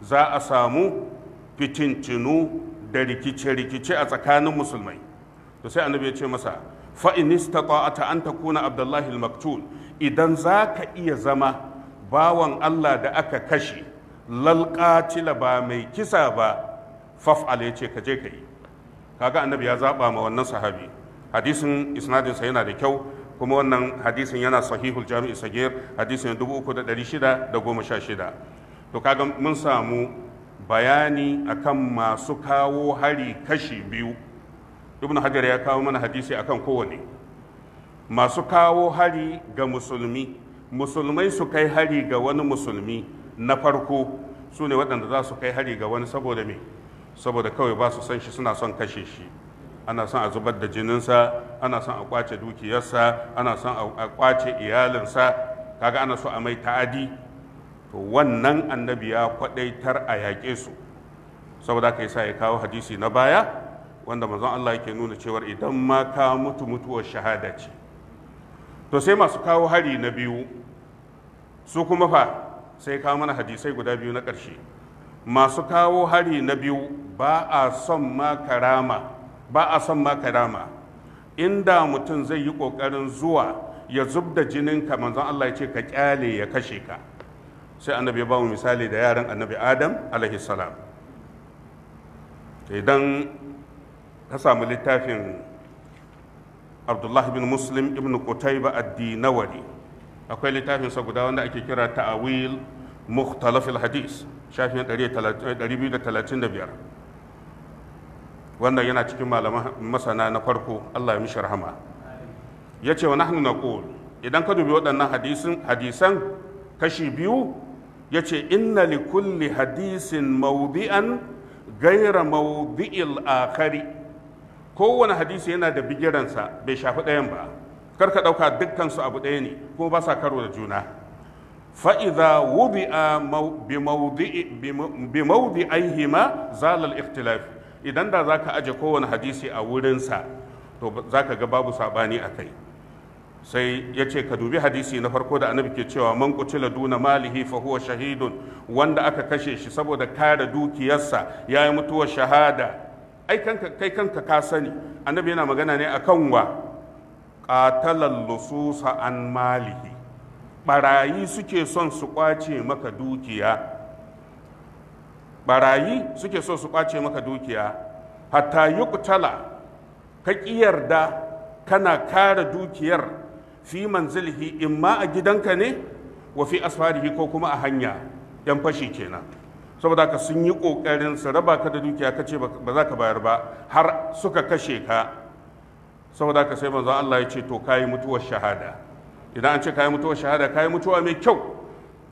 za a samu fitintinu da rikice-rikice a tsakanin musulmai to sai annabi ya ce masa fa'in istata'ata an ta kuna abdullahi al-maktul idan za ka iya zama bawan Allah da aka kashe lalƙacila ba mai kisa ba faf'ala ya ce ka je ka yi kaga annabi ya zaɓa ma wannan sahabi hadisin isnadinsa yana da kyau kuma wannan hadisin yana sahihul jami'i sagir hadisin dubu uku da da shida goma sha shida. to kaga mun samu bayani akan masu kawo hari kashi biyu ibn hajar ya kawo mana hadisi akan kowane masu kawo hari ga musulmi musulmai su kai hari ga wani musulmi na farko su ne waɗanda za su kai hari ga wani saboda me saboda kawai ba su son shi suna son kashe shi ana son a zubar da jininsa ana son a kwace dukiyarsa ana son a kwace iyalinsa kaga ana so a mai ta'adi to wannan annabi ya kwadaitar a yaƙe su saboda ka sa ya kawo hadisi na baya wanda manzon Allah yake nuna cewar idan ma ka mutu mutuwar shahada ce to sai masu kawo hari na biyu su kuma fa sai kawo mana hadisai guda biyu na ƙarshe masu kawo hari na biyu ba a son ma karama ba a son ma karama inda mutum zai yi ƙoƙarin zuwa ya zub da ka manzon Allah ya ce ka kyale ya kashe ka sai annabi ya ba mu misali da yaran annabi adam alaihi salam idan ka samu littafin abdullah bin muslim ibn qutayba ad-dinawari akwai littafin sa guda wanda ake kira ta'awil mukhtalaf hadis shafin 235 wannan yana cikin malaman masana na farko Allah ya mishi rahama yace wa nahnu naqul idan ka dubi waɗannan hadisin hadisan kashi biyu yace inna li kulli hadisin mawdi'an gaira mawdi'il akhari kowane hadisi yana da bigiransa bai shafi ɗayan ba Kar ka ɗauka dukkansu abu ɗaya ne ko ba sa karo da juna fa'iza wubi'a bi maudi aihima zalal ikhtilaf idan da za ka aje kowane hadisi a wurinsa to za ka ga babu saɓani a kai sai ya ce ka dubi hadisi na farko da annabi ke cewa man kucila duna malihi fa huwa shahidun wanda aka kashe shi saboda kare dukiyarsa ya yi mutuwar shahada ai kanka kai kanka ka sani annabi yana magana ne akan wa a lususa an malihi barayi suke son su kwace maka dukiya barayi suke so su kwace maka dukiya hatta yuqtala ka yarda kana kare dukiyar fi manzilhi imma a gidanka ne wa fi asfarihi ko kuma a hanya yan fashi kenan saboda ka sun yi kokarin su raba ka da dukiya kace ba za ka bayar ba har suka kashe ka saboda ka sai manzo Allah ya ce to kayi mutuwar shahada idan an ce kayi mutuwar shahada kayi mutuwa mai kyau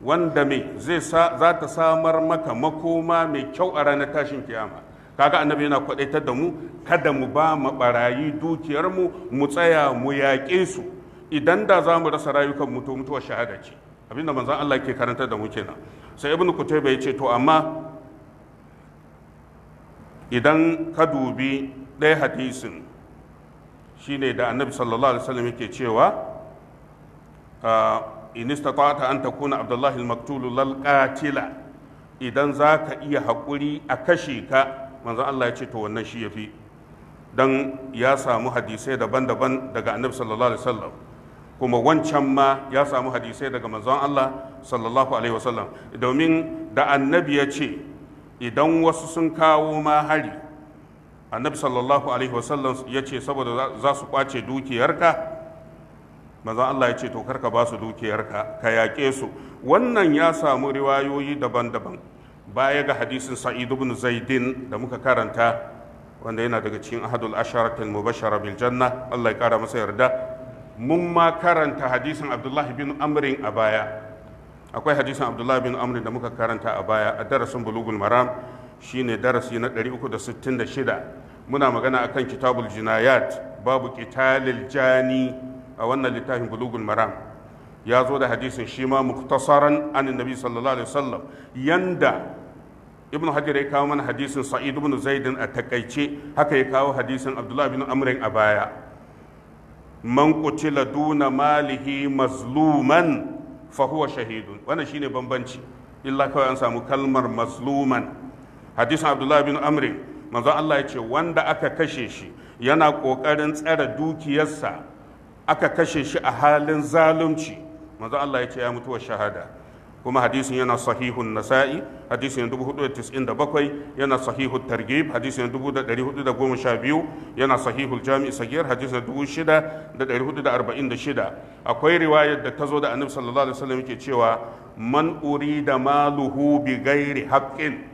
wanda me zai za ta samar maka makoma mai kyau a ranar tashin kiyama kaga annabi yana kwadaitar da mu kada mu ba mu barayi dukiyar mu mu tsaya mu yaƙe su idan da za mu rasa rayukan mu to mutuwar shahada ce abinda manzo Allah ke karantar da mu kenan sai ibnu kutayba ya ce to amma idan ka dubi ɗaya hadisin Shi ne da annabi sallallahu alaihi wasallam yake cewa ah, in istata'ta an takuna abdullahi al-maktul lal qatila idan zaka iya hakuri a kashe ka manzon Allah ya ce to wannan shi yafi dan ya samu hadisai daban-daban daga annabi sallallahu alaihi wasallam kuma wancan ma ya samu hadisai daga manzon Allah sallallahu alaihi wasallam domin da annabi ya ce idan wasu sun kawo ma hari annabi sallallahu alaihi wasallam ya ce saboda za su kwace dukiyarka maza Allah ya ce to karka ba su dukiyarka ka yaƙe su wannan ya samu riwayoyi daban-daban baya ga hadisin sa'id ibn zaidin da muka karanta wanda yana daga cikin ahadul asharatil mubashara bil janna Allah ya kara masa yarda mun ma karanta hadisin abdullahi bin amrin a baya akwai hadisin abdullahi bin amrin da muka karanta a baya a darasin bulugul maram shine darasi na 366 muna magana akan kitabul jinayat babu qitalil jani a wannan littafin bulugul maram ya zo da hadisin shi ma muktasaran an nabi sallallahu alaihi wasallam yanda ibnu hajar ya kawo mana hadisin sa'id ibn zaid a takaice haka ya kawo hadisin abdullahi ibn amr a baya man qutila duna malihi mazluman fa huwa shahidun wannan shine bambanci illa kawai an samu kalmar mazluman hadisin abdullahi bin amri manzo Allah ya ce wanda aka kashe shi yana ƙoƙarin tsare dukiyarsa aka kashe shi a halin zalunci manzo Allah ya ce ya mutuwa shahada kuma hadisin yana sahihun nasa'i hadisin bakwai yana sahihul targhib hadisin biyu yana sahihul jami'i sagir hadisin shida. akwai riwayar da ta zo da annabi sallallahu alaihi wasallam yake cewa man urida maluhu bi gairi haƙƙin.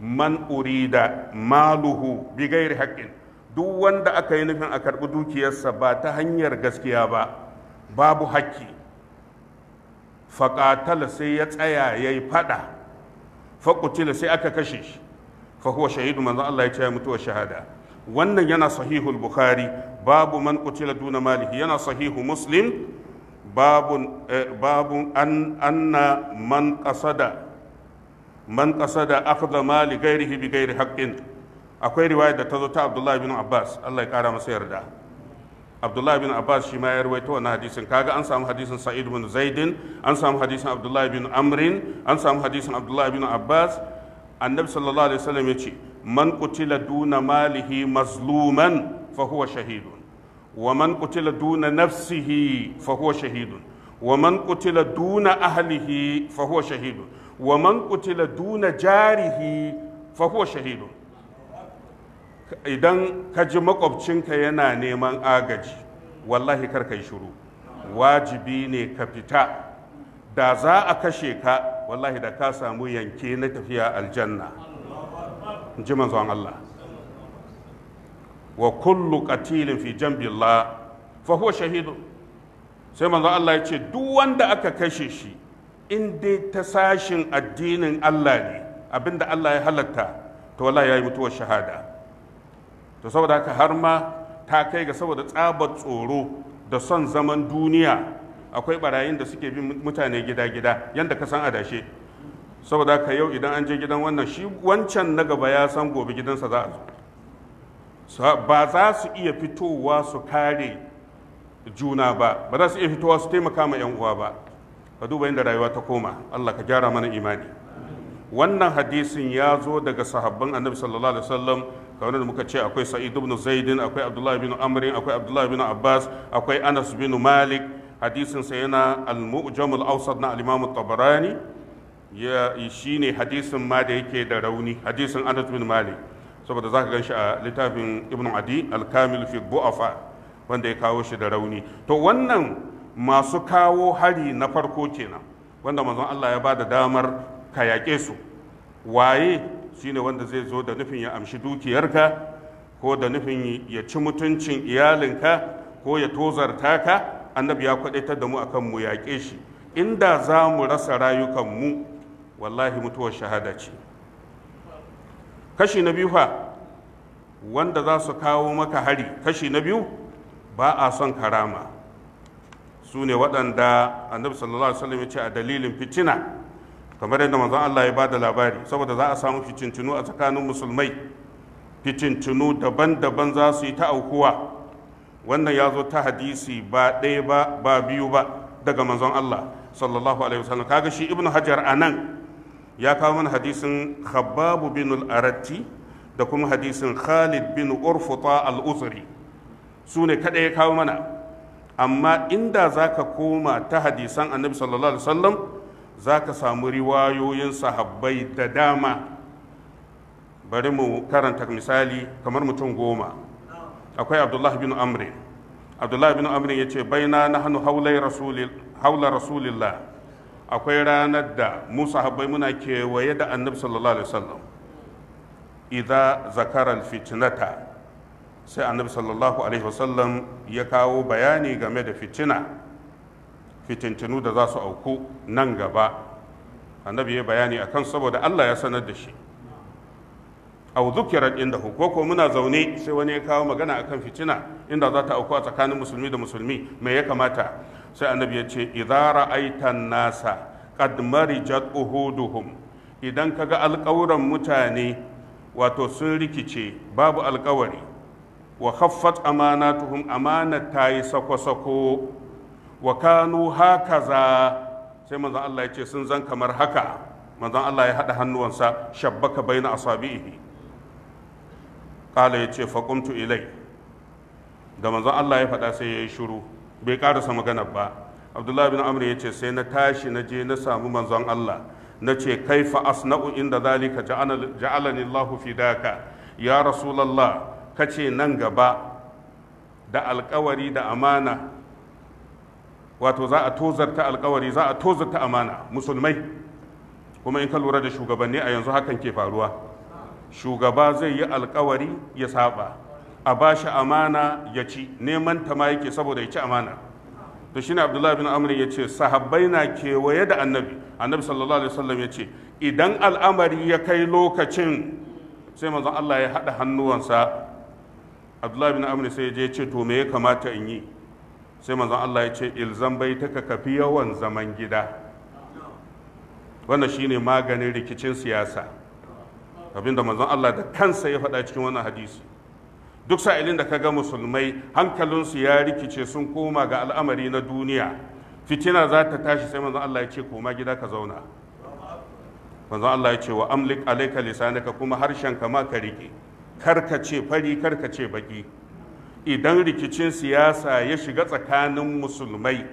man urida maluhu bi gairi haƙƙin duk wanda aka yi nufin a karɓi dukiyarsa ba ta hanyar gaskiya ba babu haƙƙi faƙatala sai ya tsaya ya yi faɗa faƙutila sai aka kashe shi fahuwa shahidu manzo Allah ya ce wa shahada wannan yana sahihul bukhari babu man qutila duna malihi yana sahihu muslim babun eh, babun an anna man qasada man qasada akhdha mali ghairihi bi ghairi haqqin akwai riwaya da ta zo ta Abdullah bin Abbas Allah ya kara masa yarda Abdullah bin Abbas shi ma ya rawaito wannan hadisin kaga an samu hadisin Sa'id bin Zaidin an samu hadisin Abdullah bin Amrin an samu hadisin Abdullah bin Abbas annabi sallallahu alaihi wasallam yace man qutila duna malihi mazluman fa huwa shahidun wa man qutila duna nafsihi fa huwa shahidun wa man qutila duna ahlihi fa huwa shahidun wa man qutila duna jarihi fa huwa shahidu idan ka ji makwabcinka yana neman agaji wallahi kar kai shiru wajibi ne ka fita da za a kashe ka wallahi da ka samu yanke na tafiya aljanna ji manzon Allah wa kullu qatilin fi Allah fa huwa shahidu sai manzon Allah ya ce duk wanda aka kashe shi in dai ta sashin addinin Allah ne abinda Allah ya halatta to wala ya yi mutuwar shahada to saboda haka har ma ta kai ga saboda tsabar tsoro da son zaman duniya akwai barayin da suke bin mutane gida-gida yadda ka san adashe saboda haka yau idan an je gidan wannan shi wancan na gaba ya san gobe gidansa za a zo ba za su iya fitowa su kare juna ba ba za su iya fitowa su taimaka ma 'yan uwa ba ka duba inda rayuwa ta koma Allah ka gyara mana imani wannan hadisin ya zo daga sahabban annabi sallallahu alaihi wasallam kamar da muka ce akwai sa'id ibn zaidin akwai abdullahi ibn amrin akwai abdullahi ibn abbas akwai anas ibn malik hadisin sa yana al-mu'jam al-awsat na al-imam tabarani ya shine hadisin ma da yake da rauni hadisin anas ibn malik saboda zaka ganshi a littafin ibn adi al-kamil fi bu'afa wanda ya kawo shi da rauni to wannan masu kawo hari na farko kenan wanda manzon Allah ya ba da damar ka yaƙe su waye shine wanda zai zo da nufin ya amshi dukiyarka ko da nufin ya ci mutuncin iyalinka ko ya tozarta ka annabi ya kwadaitar da mu akan mu yaƙe shi inda za mu rasa rayukan mu, wallahi mutuwar shahada ce kashi na biyu fa wanda za su kawo maka hari kashi na biyu ba a son karama su ne waɗanda annabi sallallahu alaihi wasallam ya ce a dalilin fitina kamar yadda manzon Allah ya bada labari saboda za a samu fitintunu a tsakanin musulmai fitintunu daban-daban za su yi ta aukuwa wannan ya zo ta hadisi ba ɗaya ba ba biyu ba daga manzon Allah sallallahu alaihi wasallam kaga shi ibnu hajar anan ya kawo mana hadisin khabbab bin al da kuma hadisin khalid bin urfuta al-uzri su ne kada ya kawo mana amma inda za ka koma ta hadisan annabi sallallahu alaihi wasallam za ka samu riwayoyin sahabbai da dama bari mu karanta misali kamar mutum goma akwai Abdullahi bin amri Abdullahi bin amri ya ce baina na hannu haula rasulillah akwai ranar da mu sahabbai muna kewaye da annabi sallallahu alaihi wasallam idza zakara alfitnata sai annabi sallallahu alaihi wasallam ya kawo bayani game da fitina fitintinu da za su auku nan gaba annabi ya bayani akan saboda Allah ya sanar da shi au inda ko muna zaune sai wani ya kawo magana akan fitina inda za ta auku a tsakanin musulmi da musulmi me ya kamata sai annabi ya ce idza aitan nasa qad marijat uhuduhum idan kaga alƙawuran mutane wato sun rikice babu alƙawari wa khaffat amanatuhum amanar ta yi sako-sako wa kanu hakaza sai manzon Allah ya ce sun zan kamar haka manzon Allah ya haɗa hannuwansa shabbaka baina asabihi kala ya ce faƙuntu ilai da manzon Allah ya faɗa sai ya yi shiru bai ƙarasa magana ba Abdullahi bin Amri ya ce sai na tashi na je na samu manzon Allah na ce kaifa asna'u inda zalika ja'alani Allahu fidaka ya rasulallah ka ce nan gaba da alkawari da amana wato za a tozarta alkawari za a tozarta amana musulmai kuma in ka lura da shugabanni a yanzu hakan ke faruwa shugaba zai yi alkawari ya saba a ba shi amana ya ci neman ta ma yake saboda ya ci amana to shine abdullahi bin amr ya ce sahabbai na kewaye da annabi annabi sallallahu alaihi wasallam ya ce idan al'amari ya kai lokacin sai manzon Allah ya haɗa hannuwansa abdullahi bin amr sai je ce to me ya kamata in yi sai manzon Allah ya ce ilzam bai ka kafi yawan zaman gida wannan shine maganin rikicin siyasa abinda manzon Allah da kansa ya faɗa cikin wannan hadisi duk sa'ilin da ka ga musulmai hankalinsu ya rikice sun koma ga al'amari na duniya fitina za ta tashi sai manzon Allah ya ce koma gida ka zauna manzon Allah ya ce wa amlik alayka lisanaka kuma harshen ka ma ka rike karkace fari karkace baki idan rikicin siyasa ya shiga tsakanin musulmai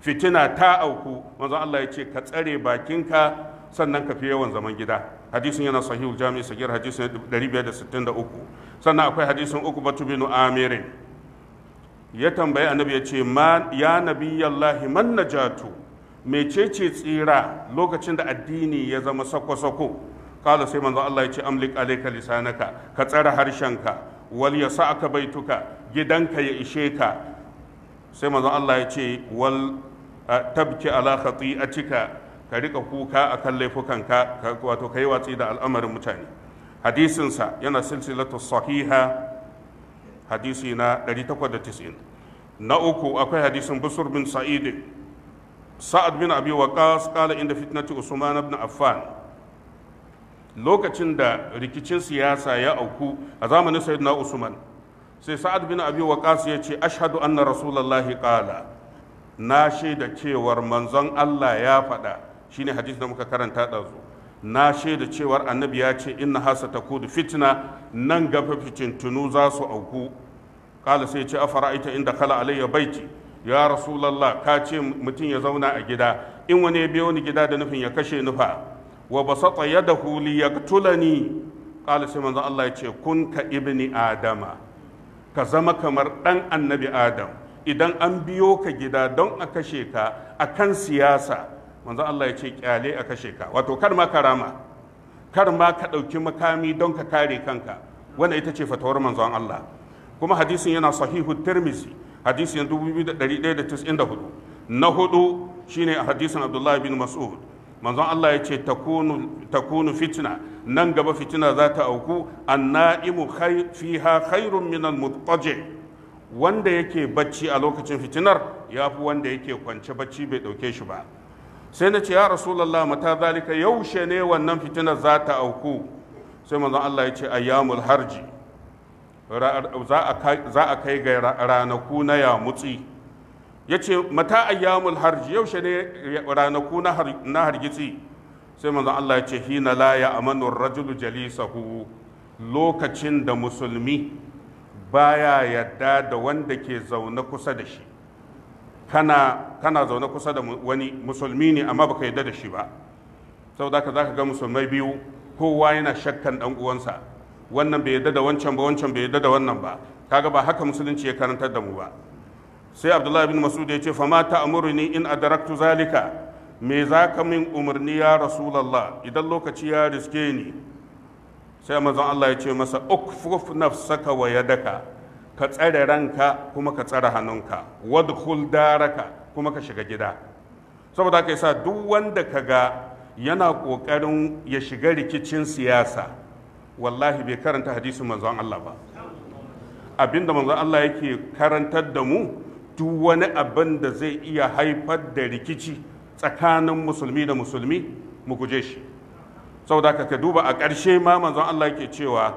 fitina ta auku manzo Allah ya ce ka tsare bakinka sannan ka fi yawan zaman gida hadisin yana sahihul jami'i sagir hadisin 563 sannan akwai hadisin uku batu binu amirin ya tambayi annabi ya ce ya nabiyallahi man najatu mecece tsira lokacin da addini ya zama sako-sako kala sai manzo Allah ya ce amlik alayka lisanaka ka tsara harshenka wal yasa'aka baituka gidanka ya ishe ka sai manzo Allah ya ce wal tabki ala khati'atika ka rika kuka akan laifukanka wato kai watsi da al'amarin mutane hadisin sa yana silsilatu sahiha hadisi na 890 na uku akwai hadisin busur bin sa'id sa'ad bin abi waqas qala inda fitnati usman ibn affan lokacin da rikicin siyasa ya auku a zamanin sayyidina usman sai sa'ad bin abi waqas ya ce ashhadu anna rasulullahi qala na shaida cewar manzon Allah ya faɗa shine hadisi da muka karanta ɗazu na shaida cewar annabi ya ce inna hasa kudu fitna nan gaba fitintunu za su auku kala sai ce afara'aita inda kala alayya baiti ya rasulallah ka ce mutum ya zauna a gida in wani ya biyo ni gida da nufin ya kashe nufa wa basata yadahu li yaqtulani qala sai manzo Allah ya kun ka ibni adama ka zama kamar dan annabi adam idan an biyo ka gida don a kashe ka akan siyasa manzo Allah ya ce kyale a kashe ka wato kar ma karama kar ma ka ɗauki makami don ka kare kanka wanda ita ce fatawar manzon Allah kuma hadisin yana sahihu tirmizi hadisin 2194 na hudu shine hadisin Abdullah bin Mas'ud manzon Allah ya ce takunu fitina nan gaba fitina za ta auku anna'imu fiha khairun minal muttaje wanda yake bacci a lokacin fitinar ya fi wanda yake kwance bacci bai dauke shi ba sai na ce ya rasulallah mata zalika yaushe ne wannan fitinar za ta auku sai manzon Allah ya ce ayyamul harji za a kai ga ranaku na ya mutsi ya ce mata ayyamul harji yaushe ne ranaku na hargitsi sai manzon Allah ya ce hina la ya amanu rajulu jalisahu lokacin da musulmi baya yadda da wanda ke zaune kusa da shi kana kana zaune kusa da wani musulmi ne amma baka yadda da shi ba saboda ka zaka ga musulmai biyu kowa yana shakkan dan uwansa wannan bai yadda da wancan ba wancan bai yadda da wannan ba kaga ba haka musulunci ya karantar da mu ba sai abdullahi bin masud ya ce fa ma amurni in adaraktu zalika me za ka min umarni ya rasulallah idan lokaci ya riske ni sai mazan allah ya ce masa ukfuf nafsaka wa yadaka ka tsare ranka kuma ka tsare hannunka wadkhul daraka kuma ka shiga gida saboda haka yasa duk wanda ka ga yana kokarin ya shiga rikicin siyasa wallahi bai karanta hadisin manzon Allah ba abinda manzon Allah yake karantar da mu duk wani abin da zai iya haifar da rikici tsakanin musulmi da musulmi mu guje shi saboda ka duba a ƙarshe ma manzon Allah yake cewa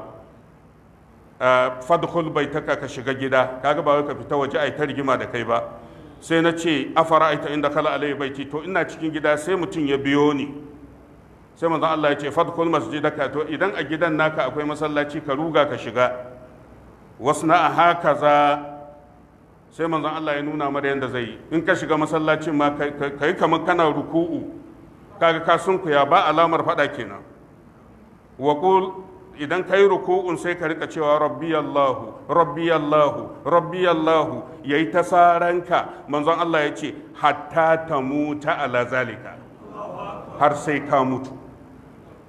bai baitaka ka shiga gida kaga ba ka fita waje ai ta rigima da kai ba sai na ce afara'aita inda kala alayhi baiti to ina cikin gida sai mutum ya biyo ni sai manzon Allah ya ce ji masjidaka to idan a gidan naka akwai masallaci ka ruga ka shiga wasna hakaza sai manzon Allah ya nuna mara yadda zai yi in ka shiga masallacin ma ka yi kamar kana ruku'u kaga ka ya ba alamar fada kenan wa qul idan kai ruku'un sai ka rika cewa rabbi Allahu rabbi Allahu rabbi Allahu yayi ta saranka manzon Allah ya ce hatta tamuta ala zalika har sai ka mutu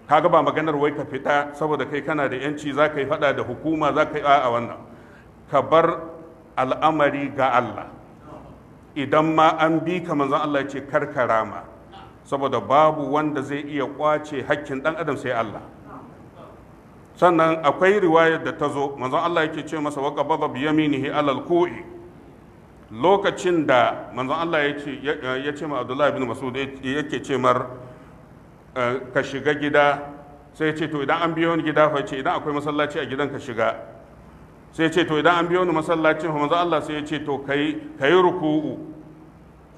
kaga ba maganar wai ka fita saboda kai kana da yanci za ka yi fada da hukuma za ka yi a wannan ka bar al'amari ga Allah idan ma an bi ka manzon Allah ce karkara ma saboda babu wanda zai iya kwace hakkin ɗan adam sai Allah sannan akwai riwayar da ta zo manzon Allah yake ce masa waka baba bi yaminihi alal ku'i lokacin da manzon Allah yake ya ce ma Abdullah ibn Mas'ud yake ce mar eh, ka shiga gida sai ce to idan an biyo ni gida fa ce idan akwai masallaci a gidan ka shiga sai ce to idan an biyo ni masallacin manzo Allah sai ya ce to kai kai ruku'u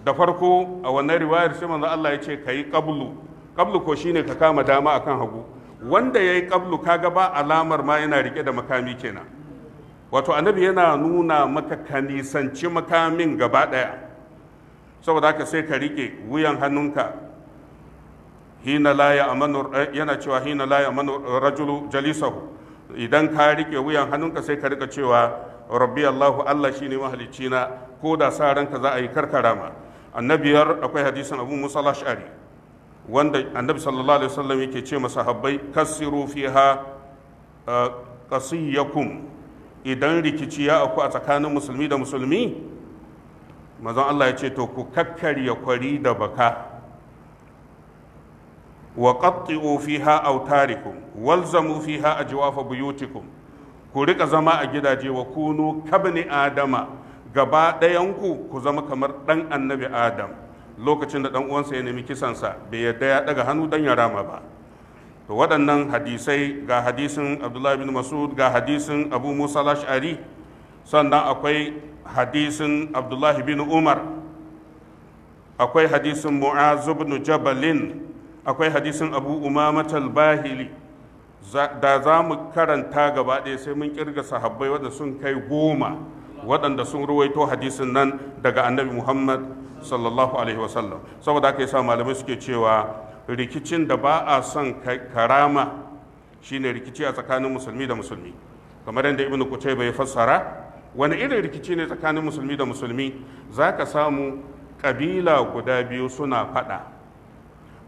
da farko a wannan riwayar sai manzo Allah ya ce kai qablu qablu ko shine ka kama dama akan hagu wanda yayi qablu kaga ba alamar ma yana rike da makami kenan wato annabi yana nuna maka ka makamin gaba daya saboda haka sai ka rike wuyan hannunka hina la ya amanu eh, yana cewa hina la ya amanu rajulu jalisahu idan ka rike wuyan hannunka sai ka rika cewa rabbi allahu allah shine mahalicci na ko da sa ranka za a yi karkarama annabiyar akwai hadisin abu musa lashari wanda annabi sallallahu alaihi wasallam yake ce masa habbai kassiru fiha uh, qasiyakum idan rikici ya aku a tsakanin musulmi da musulmi mazan allah ya ce to ku kakkarya kwari da baka wa qatti'u fiha awtarikum walzamu fiha ajwafa buyutikum ku rika zama a gidaje wa kunu kabni adama gaba ɗayanku ku zama kamar ɗan annabi adam lokacin da ɗan uwansa ya nemi kisansa bai yadda ya ɗaga hannu dan ya rama ba to waɗannan hadisai ga hadisin abdullahi bin masud ga hadisin abu musa lash'ari sannan akwai hadisin abdullahi bin umar akwai hadisin mu'az jabalin akwai hadisin abu umamatal bahili da za mu karanta gaba ɗaya sai mun kirga sahabbai wadda sun kai goma waɗanda sun ruwaito hadisin nan daga annabi muhammad sallallahu alaihi wasallam saboda yi yasa malamai suke cewa rikicin da ba a son karama shine rikici a tsakanin musulmi da musulmi kamar yadda Ibn kutayba ya fassara wani irin rikici ne tsakanin musulmi da musulmi za ka samu kabila guda biyu suna faɗa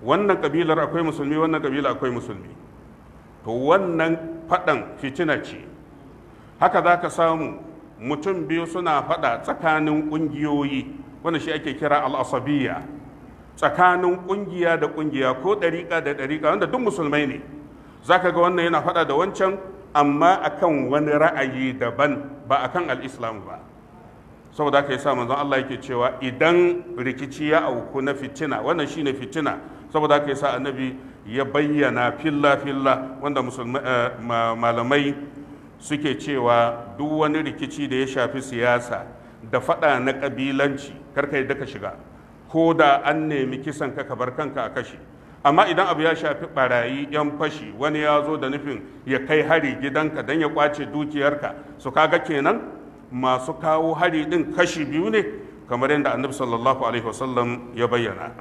wannan kabilar akwai musulmi wannan kabila akwai musulmi to wannan faɗan fitina ce haka za ka samu mutum biyu suna faɗa tsakanin ƙungiyoyi wanda shi ake kira al'asabiya tsakanin ƙungiya da ƙungiya ko ɗariƙa da ɗariƙa wanda duk musulmai ne za ka ga wannan yana faɗa da wancan amma akan wani ra'ayi daban ba akan al'islam ba saboda haka yasa manzon Allah yake cewa idan rikici ya auku na fitina wannan shine fitina saboda haka yasa annabi ya bayyana filla filla wanda eh, malamai suke cewa duk wani rikici da ya shafi siyasa da fada na kabilanci karka yadda ka shiga ko da an nemi kisan ka bar kanka a kashi amma idan abu ya shafi barayi yan fashi wani ya zo da nufin ya kai hari gidanka don ya kwace dukiyarka su kaga kenan masu kawo hari din kashi biyu ne kamar yadda annabi sallallahu alaihi wasallam ya bayyana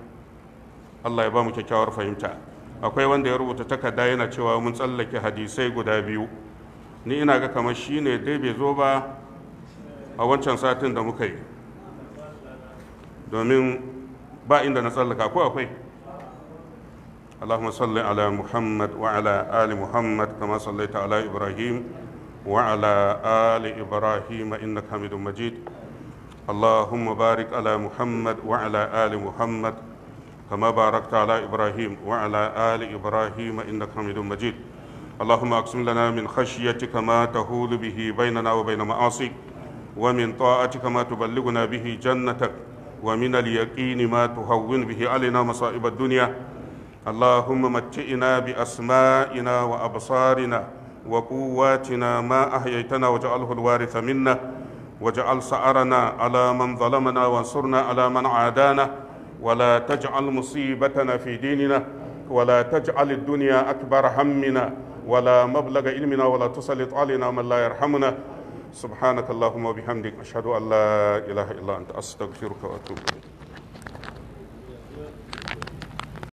Allah ya ba mu kyakkyawar fahimta akwai wanda ya rubuta takarda yana cewa mun tsallake hadisai guda biyu ni ina ga kamar shine dai bai zo ba a wancan satin da muka yi domin ba inda na tsallaka ko akwai اللهم صل على محمد وعلى آل محمد كما صليت على إبراهيم وعلى آل إبراهيم إنك حميد مجيد اللهم بارك على محمد وعلى آل محمد كما باركت على إبراهيم وعلى آل إبراهيم إنك حميد مجيد اللهم أقسم لنا من خشيتك ما تهول به بيننا وبين معاصيك ومن طاعتك ما تبلغنا به جنتك ومن اليقين ما تهون به علينا مصائب الدنيا اللهم متئنا بأسمائنا وأبصارنا وقواتنا ما أحييتنا وجعله الوارث منا وجعل سعرنا على من ظلمنا وانصرنا على من عادانا ولا تجعل مصيبتنا في ديننا ولا تجعل الدنيا أكبر همنا ولا مبلغ علمنا ولا تسلط علينا من لا يرحمنا سبحانك اللهم وبحمدك أشهد أن لا إله إلا أنت أستغفرك وأتوب إليك